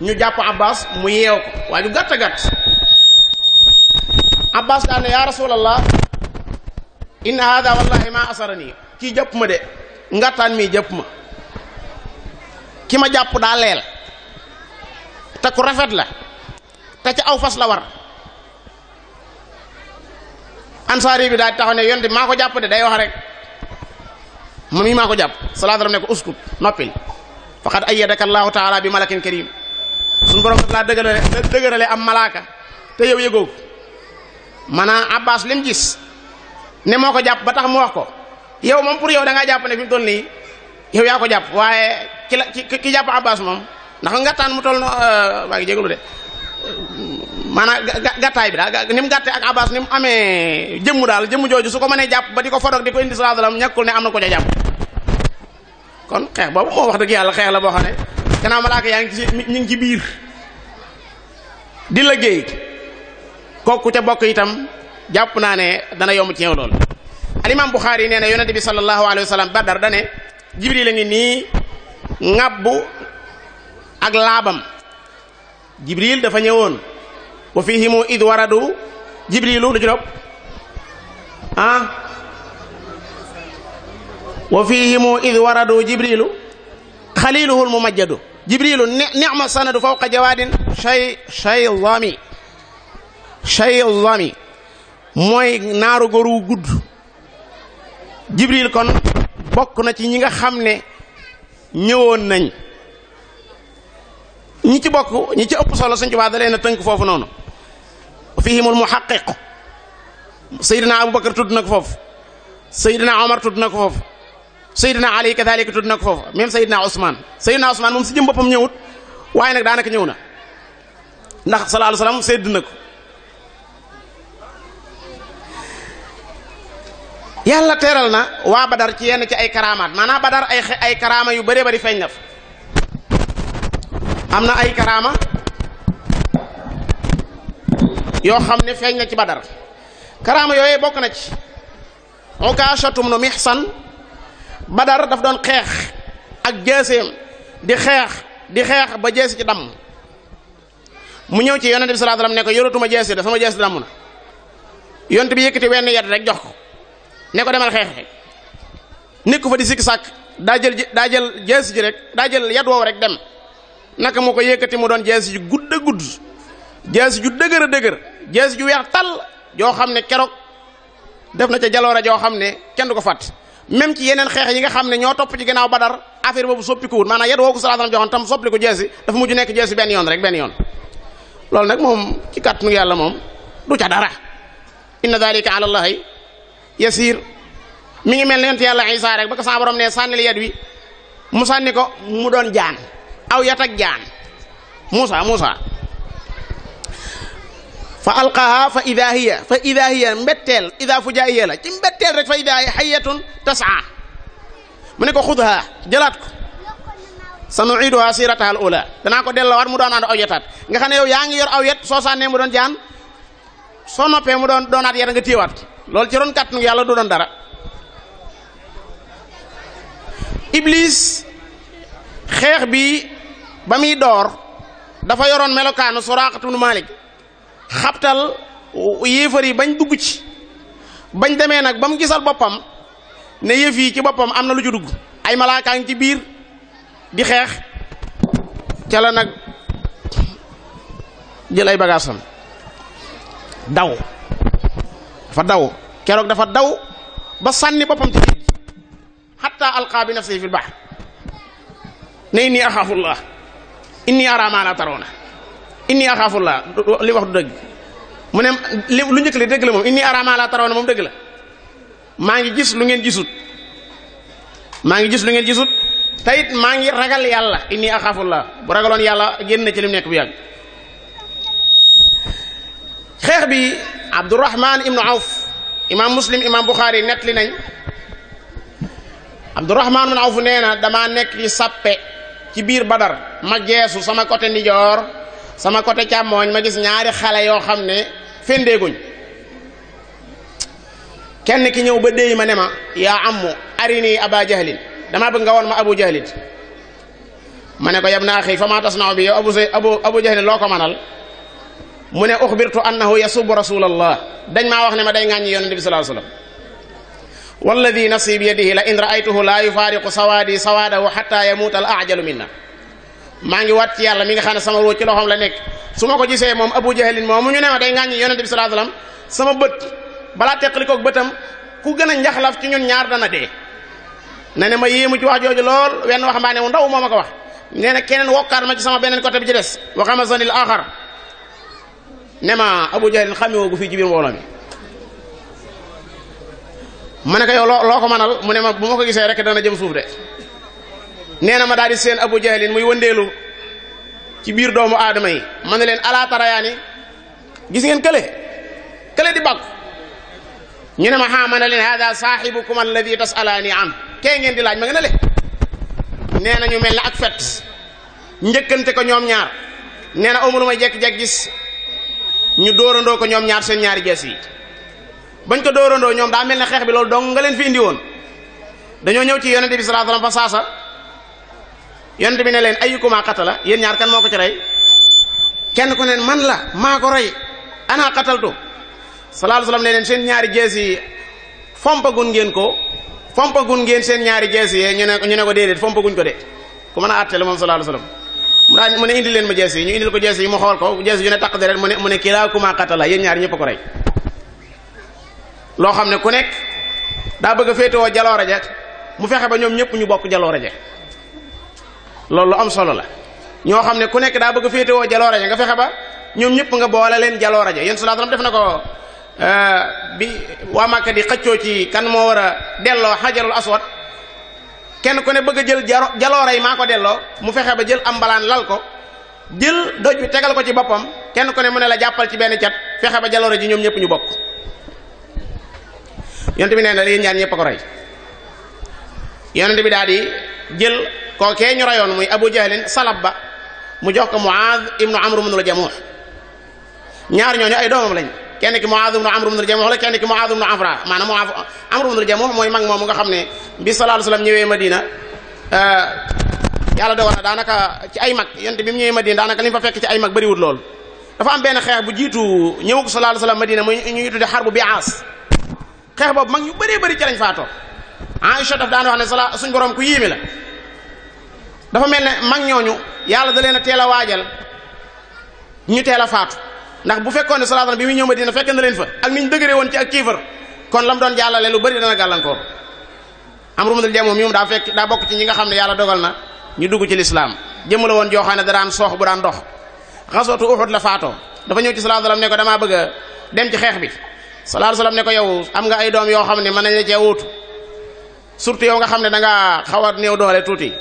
ñu jàpp abbas mu yeew ko waaye ñu gàtt abbas daal ne yaa rasulallah inna hada wallahi ma asara kii jàpp ma de ngattaan mii jàpp ma ki ma jàpp daa leel te rafet la te ca aw fas la war ansaari bi daal taxaw ne yonte maa ko jàpp de day wax rek mu mii maa ko jàpp salaa salaam ne ko uskut noppil faqad ayyadaka allahu taala bi malakin karim suñu borom daf laa dëgërale dëgërale am malaaka te yow yëgoo maanaam Abbas li mu gis ne moo ko jàpp ba tax mu wax ko yow moom pour yow da ngaa jàpp ne fi mu toll nii yow yaa ko jàpp waaye ki la ki ki jàpp Abbas moom ndax ngattaan mu toll no maa euh, ngi jégalu de maanaam gàttaay bi daal ni mu gàtte ak Abbas ni mu amee jëmmu daal jëmmu jooju su ko manee jàpp ba di ko fodoog di ko indi sallallahu alayhi ne am na ko ca jàpp kon xeex boobu moo wax dëgg yàlla xeex la boo xam ne gannaaw malaaka yaa ngi ci ñu ngi ci biir di liggéey kooku ca bokk itam jàpp naa ne dana yomb ci ñëw lool alimaam Buxaari nee na yonente bi sallallahu alayhi wa dane jibril ngi nii ŋàbbu ak laabam jibril dafa ñëwoon wa fihimu id waradu jibrilu lu ci nopp ah wa fihimu id waradu jibrilu xaliluhul mumajjadu jibrilu nema sanadu fawqa jawadin shay shay zami cheyu zami mooy naaru góor wu gudd jibril kon bokk na ci ñi nga xam ne ñëwoon nañ ñi ci bokk ñi ci ëpp solo suñ Tuubaa da leen a tënk foofu noonu fihimul muhaqqiq Seydina Aboubacar tudd na ko foofu Seydina Omar tudd na ko foofu Seydina Ali kadalika tudd na ko foofu même Seydina Ousmane Seydina Ousmane moom si jëm boppam ñëwut waaye nag daanaka ñëw na ndax sallallahu alayhi wasallam sédd na ko yàlla teral na waa badar ci yenn ci ay karaamaat maanaam badar ay karaama yu bëree bëri feeñ na fa am na ay karaama yoo xam ne feeñ na ci badar karaama yooyu bokk na ci ukaashatum nu mihsan badar daf doon xeex ak jëseem di xeex di xeex ba jëse ci damm mu ñëw ci yonent bi sallallahu alayhi wasallam ne yoratuma jëse da sama jëse damm na yonent bi yëkkati wenn yet rek jox ko ne ko demal xeex rek nekk fa di sikki sàkk daa jël daa jël jeesi ji rek daajal jël yat rek dem naka moo ko yëkkati mu doon jees ji gudd a gudd jeesi ju dëgër a dëgër jeesi ju weex tàll joo xam ne keroog def na ca jaloore joo xam ne kenn ko fàtt même ci yeneen xeex yi nga xam ne topp ci ginnaaw Badar affaire boobu soppikuwul maanaam yat woo ko salaatam joxoon tam soppli ko jeesi dafa mujj nekk jeesi benn yoon rek benn yoon loolu nag moom ci kàttanu yàlla moom du ca dara inna dalika ala yasiir mi ngi mel ne yonent yàlla Isaa rek ba ko sa ne sànnil yat wi mu sànni ko mu doon jaan aw yat ak jaan Muusa Muusa fa alqaha fa ida hiya fa ida hiya mbetteel ida fujaiya la ci mbetteel rek fa ida hiya hayatun tasaa mu ne ko xudha jëlaat ko sa nuiduha sirataha al ula danaa ko delloowaat mu doon ànd aw yetaat nga xam ne yow yaa ngi yor aw yet soo sànnee mu doon jaan soo noppee mu doon doon doonaat yet nga téewaat loolu ci ron kàttanu yàlla du doon dara iblis xeex bi ba muy door dafa yoroon melokaanu Suraaqa ibnu xaptal xabtal yéefar yi bañ dugg ci bañ demee nag ba mu gisal boppam ne yëf yi ci boppam am na lu ci dugg ay malaakaa ngi ci biir di xeex ca la nag jël ay bagaasam daw dafa daw keroog dafa daw ba sànni boppam ci géej xatta alqaa bi nafsihi fil bahr ne inni axaafullah inni araa maa laa tarawna inni axaafullah li wax du dëgg mu ne lu njëkk li dëgg la moom inni araa maa laa tarawna moom dëgg la maa ngi gis lu ngeen gisut maa ngi gis lu ngeen gisut tayit maa ngi ragal yàlla a axaafullah bu ragaloon yàlla génn na ci li nekk bu yàgg xeex bi abdurahman ibnu awf imam muslim imam buxaari nettali nañ abdurahman ibnu awf nee na damaa nekk ci sàppe ci biir badar ma geesu sama côté ndijoor sama côté càmmooñ ma gis ñaari xale yoo xam ne fendeeguñ kenn ki ñëw ba déy ma ne ma yaa ammu arini aba jahlin damaa bëgg nga woon ma abu jahlit ma ne ko yab naa xëy fa maa tas naaw bi yow abu jahlin loo ko manal mu ne uxbirtu annahu yasubu rasulallah dañ maa wax ne ma day ŋàññi yonente bi salaa sallam walladi nafsi bi yadihi la in raaytuhu laa yufaariqu sawaadi sawaadahu xatta yamuuta al maa ngi waat ci yàlla mi nga xam ne sama ruuj ci loxoom la nekk ma ko gisee moom abu jahlin moom mu ñu ne ma day ŋàññi yonente bi salaa sallam sama bët balaa teqalikoog bëtam ku gën a njaxlaf ci ñun ñaar dana dee ne ne ma yéemu ci wax jooju lool wenn waxambaane wu ndaw moo ma ko wax nee na keneen wokkaat ma ci sama beneen côté bi ci des waxama sanil axar ne ma Abu Jahl xamewoo ko fii ci biir mbooloo mi ne ko yow loo ko manal mu ne ma bu ma ko gisee rek dana jëm suuf de nee ma daal seen Abu Jahl muy wëndeelu ci biir doomu aadama yi ma ne leen alaa gis ngeen kële kële di bàkku ñu ne ma xaa ma ne leen la saaxibukum alladi tasalaani an kee ngeen di laaj ma nga ne le nee ñu mel ne ak fet njëkkante ko ñoom ñaar nee na amul may jekk-jekk gis ñu dóorandoo ko ñoom ñaar seen ñaari gees yi bañ ko dóorandoo ñoom daa mel ne xeex bi loolu dong nga leen fi indi woon dañoo ñëw ci yonente bi sallallahu alayhi wa sallam fa saasa yonente bi ne leen ayyukuma qatala yéen ñaar kan moo ko ci rey kenn ku ne man la maa ko rey ana qataltu sallallahu alayhi wa sallam ne leen seen ñaari gees yi fompagun ngeen ko fompagun ngeen seen ñaari gees yi ñu ne ñu ne ko déedéet fompaguñ ko de ku mën a àttele moom sallallahu alayhi wa sallam mu mu ne indi leen ma jees yi ñu indil ko jees yi mu xool ko jees yu ne taq deret mu ne mu ne kilaakumaa qatala yéen ñaar ñëpp ko rey loo xam ne ku nekk daa bëgg a féetewoo jaloore ja mu fexe ba ñoom ñëpp ñu bokk jaloore ja loolu am solo la ñoo xam ne ku nekk daa bëgg a féetewoo jaloore ja nga fexe ba ñoom ñëpp nga boole leen jaloore ja yéen sallallahu alayhi wasallam def na ko euh, bi waa Màkka di xëccoo ci kan moo war a delloo xajarul aswad kenn ku ne bëgg a jël jaloore yi maa ko delloo mu fexe ba jël am mbalaan lal ko jël doj bi tegal ko ci boppam kenn ku ne mu ne la jàppal ci benn jat fexe ba jaloore ji ñoom ñëpp ñu bokk yonent bi nee na yéen ñaar ñëpp ko rey yonent bi daal di jël koo kee ñu reyoon muy abu jahlin salab ba mu jox ko muaaz ibnu amr ibnu al jamuh ñaar ñooñu ay doomam lañ kenn ki Muaad ibn Amr ibn al-Jamuh la kenn ki Muaad ibn Afra maanaam Muaad Amr ibn al-Jamuh mooy mag moomu nga xam ne bi sallallahu alayhi wasallam ñëwee Madina euh, yàlla dogal na daanaka ci ay mag yonte bi mu ñëwee Madina daanaka li mu fa fekk ci ay mag bëriwul lool dafa am benn xeex bu jiitu ñëwug sallallahu alayhi wasallam Madina muy ñuy tudde xar bu Bi'aas xeex boobu mag ñu bëree bëri ci lañ faatoo Aïcha daf daan wax ne sala suñ borom ku yéeme la dafa mel ne mag ñooñu yàlla da leen a teel a waajal ñu teel a faatu ndax bu fekkoon ne sallallahu alayhi wasallam bi muy ñëw Madina fekk na leen fa ak niñ dëgëre woon ci ak kiifar kon lam doon jàllale lu bëri dana gàllankoor Amru ibnul Jamuh moom daa fekk daa bokk ci ñi nga xam ne yàlla dogal na ñu dugg ci lislaam jëmm la woon jooxaane da daan soox bu daan dox xasootu Uhud la faatoo dafa ñëw ci sallallahu alayhi wasallam ne ko damaa bëgg dem ci xeex bi sallallahu alayhi wasallam ne ko yow am nga ay doom yoo xam ne mën nañ la cee wuutu surtout yow nga xam ne da ngaa néew doole tuuti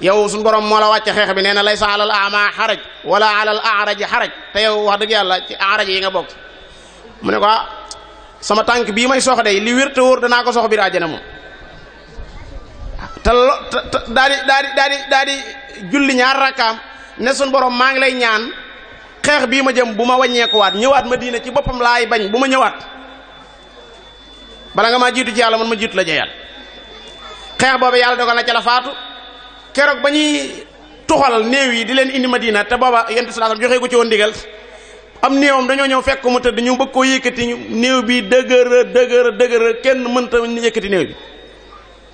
yow suñu borom moo la wàcce xeex bi nee na laysa alal ama xaraj wala alal araji xaraj te yow wax dëgg yàlla ci araj yi nga bokk mu ne ko ah, sama tànk bii may sox day li wér te wóor danaa ko sox biir àjjana moom te lo te daal di daal di daal di julli ñaar rakkaam ne suñu borom maa ngi lay ñaan xeex bii ma jëm bu ma wàññeekuwaat ñëwaat ma diina ci boppam laay bañ bu ma ñëwaat bala nga maa jiitu ci yàlla man ma jiitu la ja yàlla xeex boobu keroog ba ñuy tuxal néew yi di leen indi Madina te booba yent bi sallallahu alayhi wasallam ko ci woon ndigal am néewam dañoo ñëw fekk mu tëdd ñu bëgg koo yëkkati néew bi dëgëra dëgëra dëgëra kenn mënta yëkkati néew bi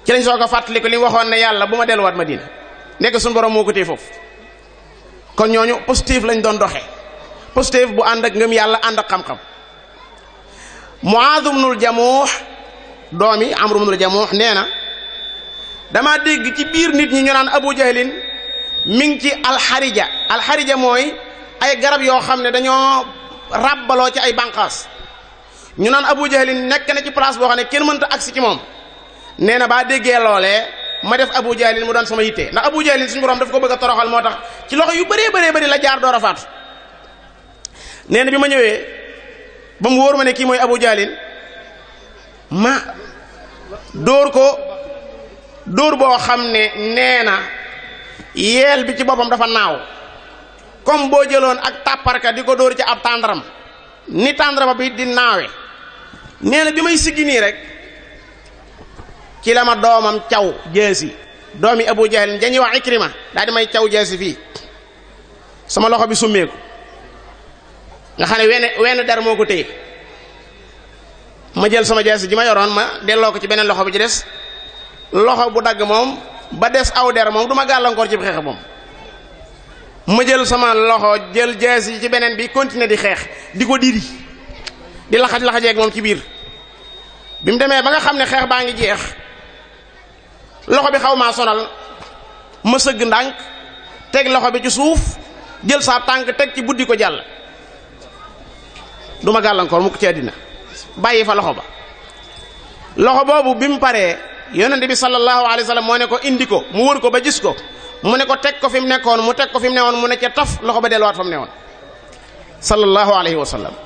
ci lañ soog a fàttali ko li waxoon ne yàlla bu ma delluwaat Madina nekk suñu borom moo ko téye foofu kon ñooñu positif lañ doon doxee positif bu ànd ak ngëm yàlla ànd ak xam-xam Muaaz ibnul Jamuux doomi Amru ibnul Jamuux nee na dama dégg ci biir nit ñi ñu naan abu jahlin mi ngi ci alxarija alxarija mooy ay garab yoo xam ne dañoo ràbbaloo ci ay banqaas ñu naan abu jahlin nekk na ci place boo xam ne kenn mënta agsi ci moom nee na baa déggee loolee ma def abu jahlin mu daan sama yitte ndax abu jahlin suñu borom daf ko bëgg a toroxal moo tax ci loxo yu bëree bëree la jaar door a faatu nee na bi ma ñëwee ba mu wóor ma ne kii mooy abu jahlin ma dóor ko dóor boo xam ne nee na yeel bi ci boppam dafa naaw comme boo jëloon ak tàpparka di ko dóor ci ab tàndaram ni tàndarama bi di naawe nee na bi may siggi nii rek ci la ma doomam caw jeesi doomi abu jahal dañuy wax ikrima daal di may caw jeesi fii sama loxo bi summeeku nga xam ne wenn wenn der moo ko téye ma jël sama jeesi ji ma yoroon ma delloo ko ci beneen loxo bi ci des loxo bu dagg moom ba des aw der moom du ma gàllankoor ci xeex moom ma jël sama loxo jël jees yi ci beneen bi continuer di xeex di ko diri di laxaj laxajeeg moom ci biir bi mu demee ba nga xam ne xeex baa ngi jeex loxo bi xaw maa sonal ma sëgg ndànk teg loxo bi ci suuf jël saa tànk teg ci buddi ko jàll duma ma gàllankoor mukk ci àddina bàyyi fa loxo ba loxo boobu bi mu paree. yonent bi sallallahu alayhi wa sallam moo ne ko indi ko mu wër ko ba gis ko mu ne ko teg ko fi mu nekkoon mu teg ko fi mu newoon mu ne ca taf loxo ba delluwaat fa mu newoon sallallahu alayhi wa sallam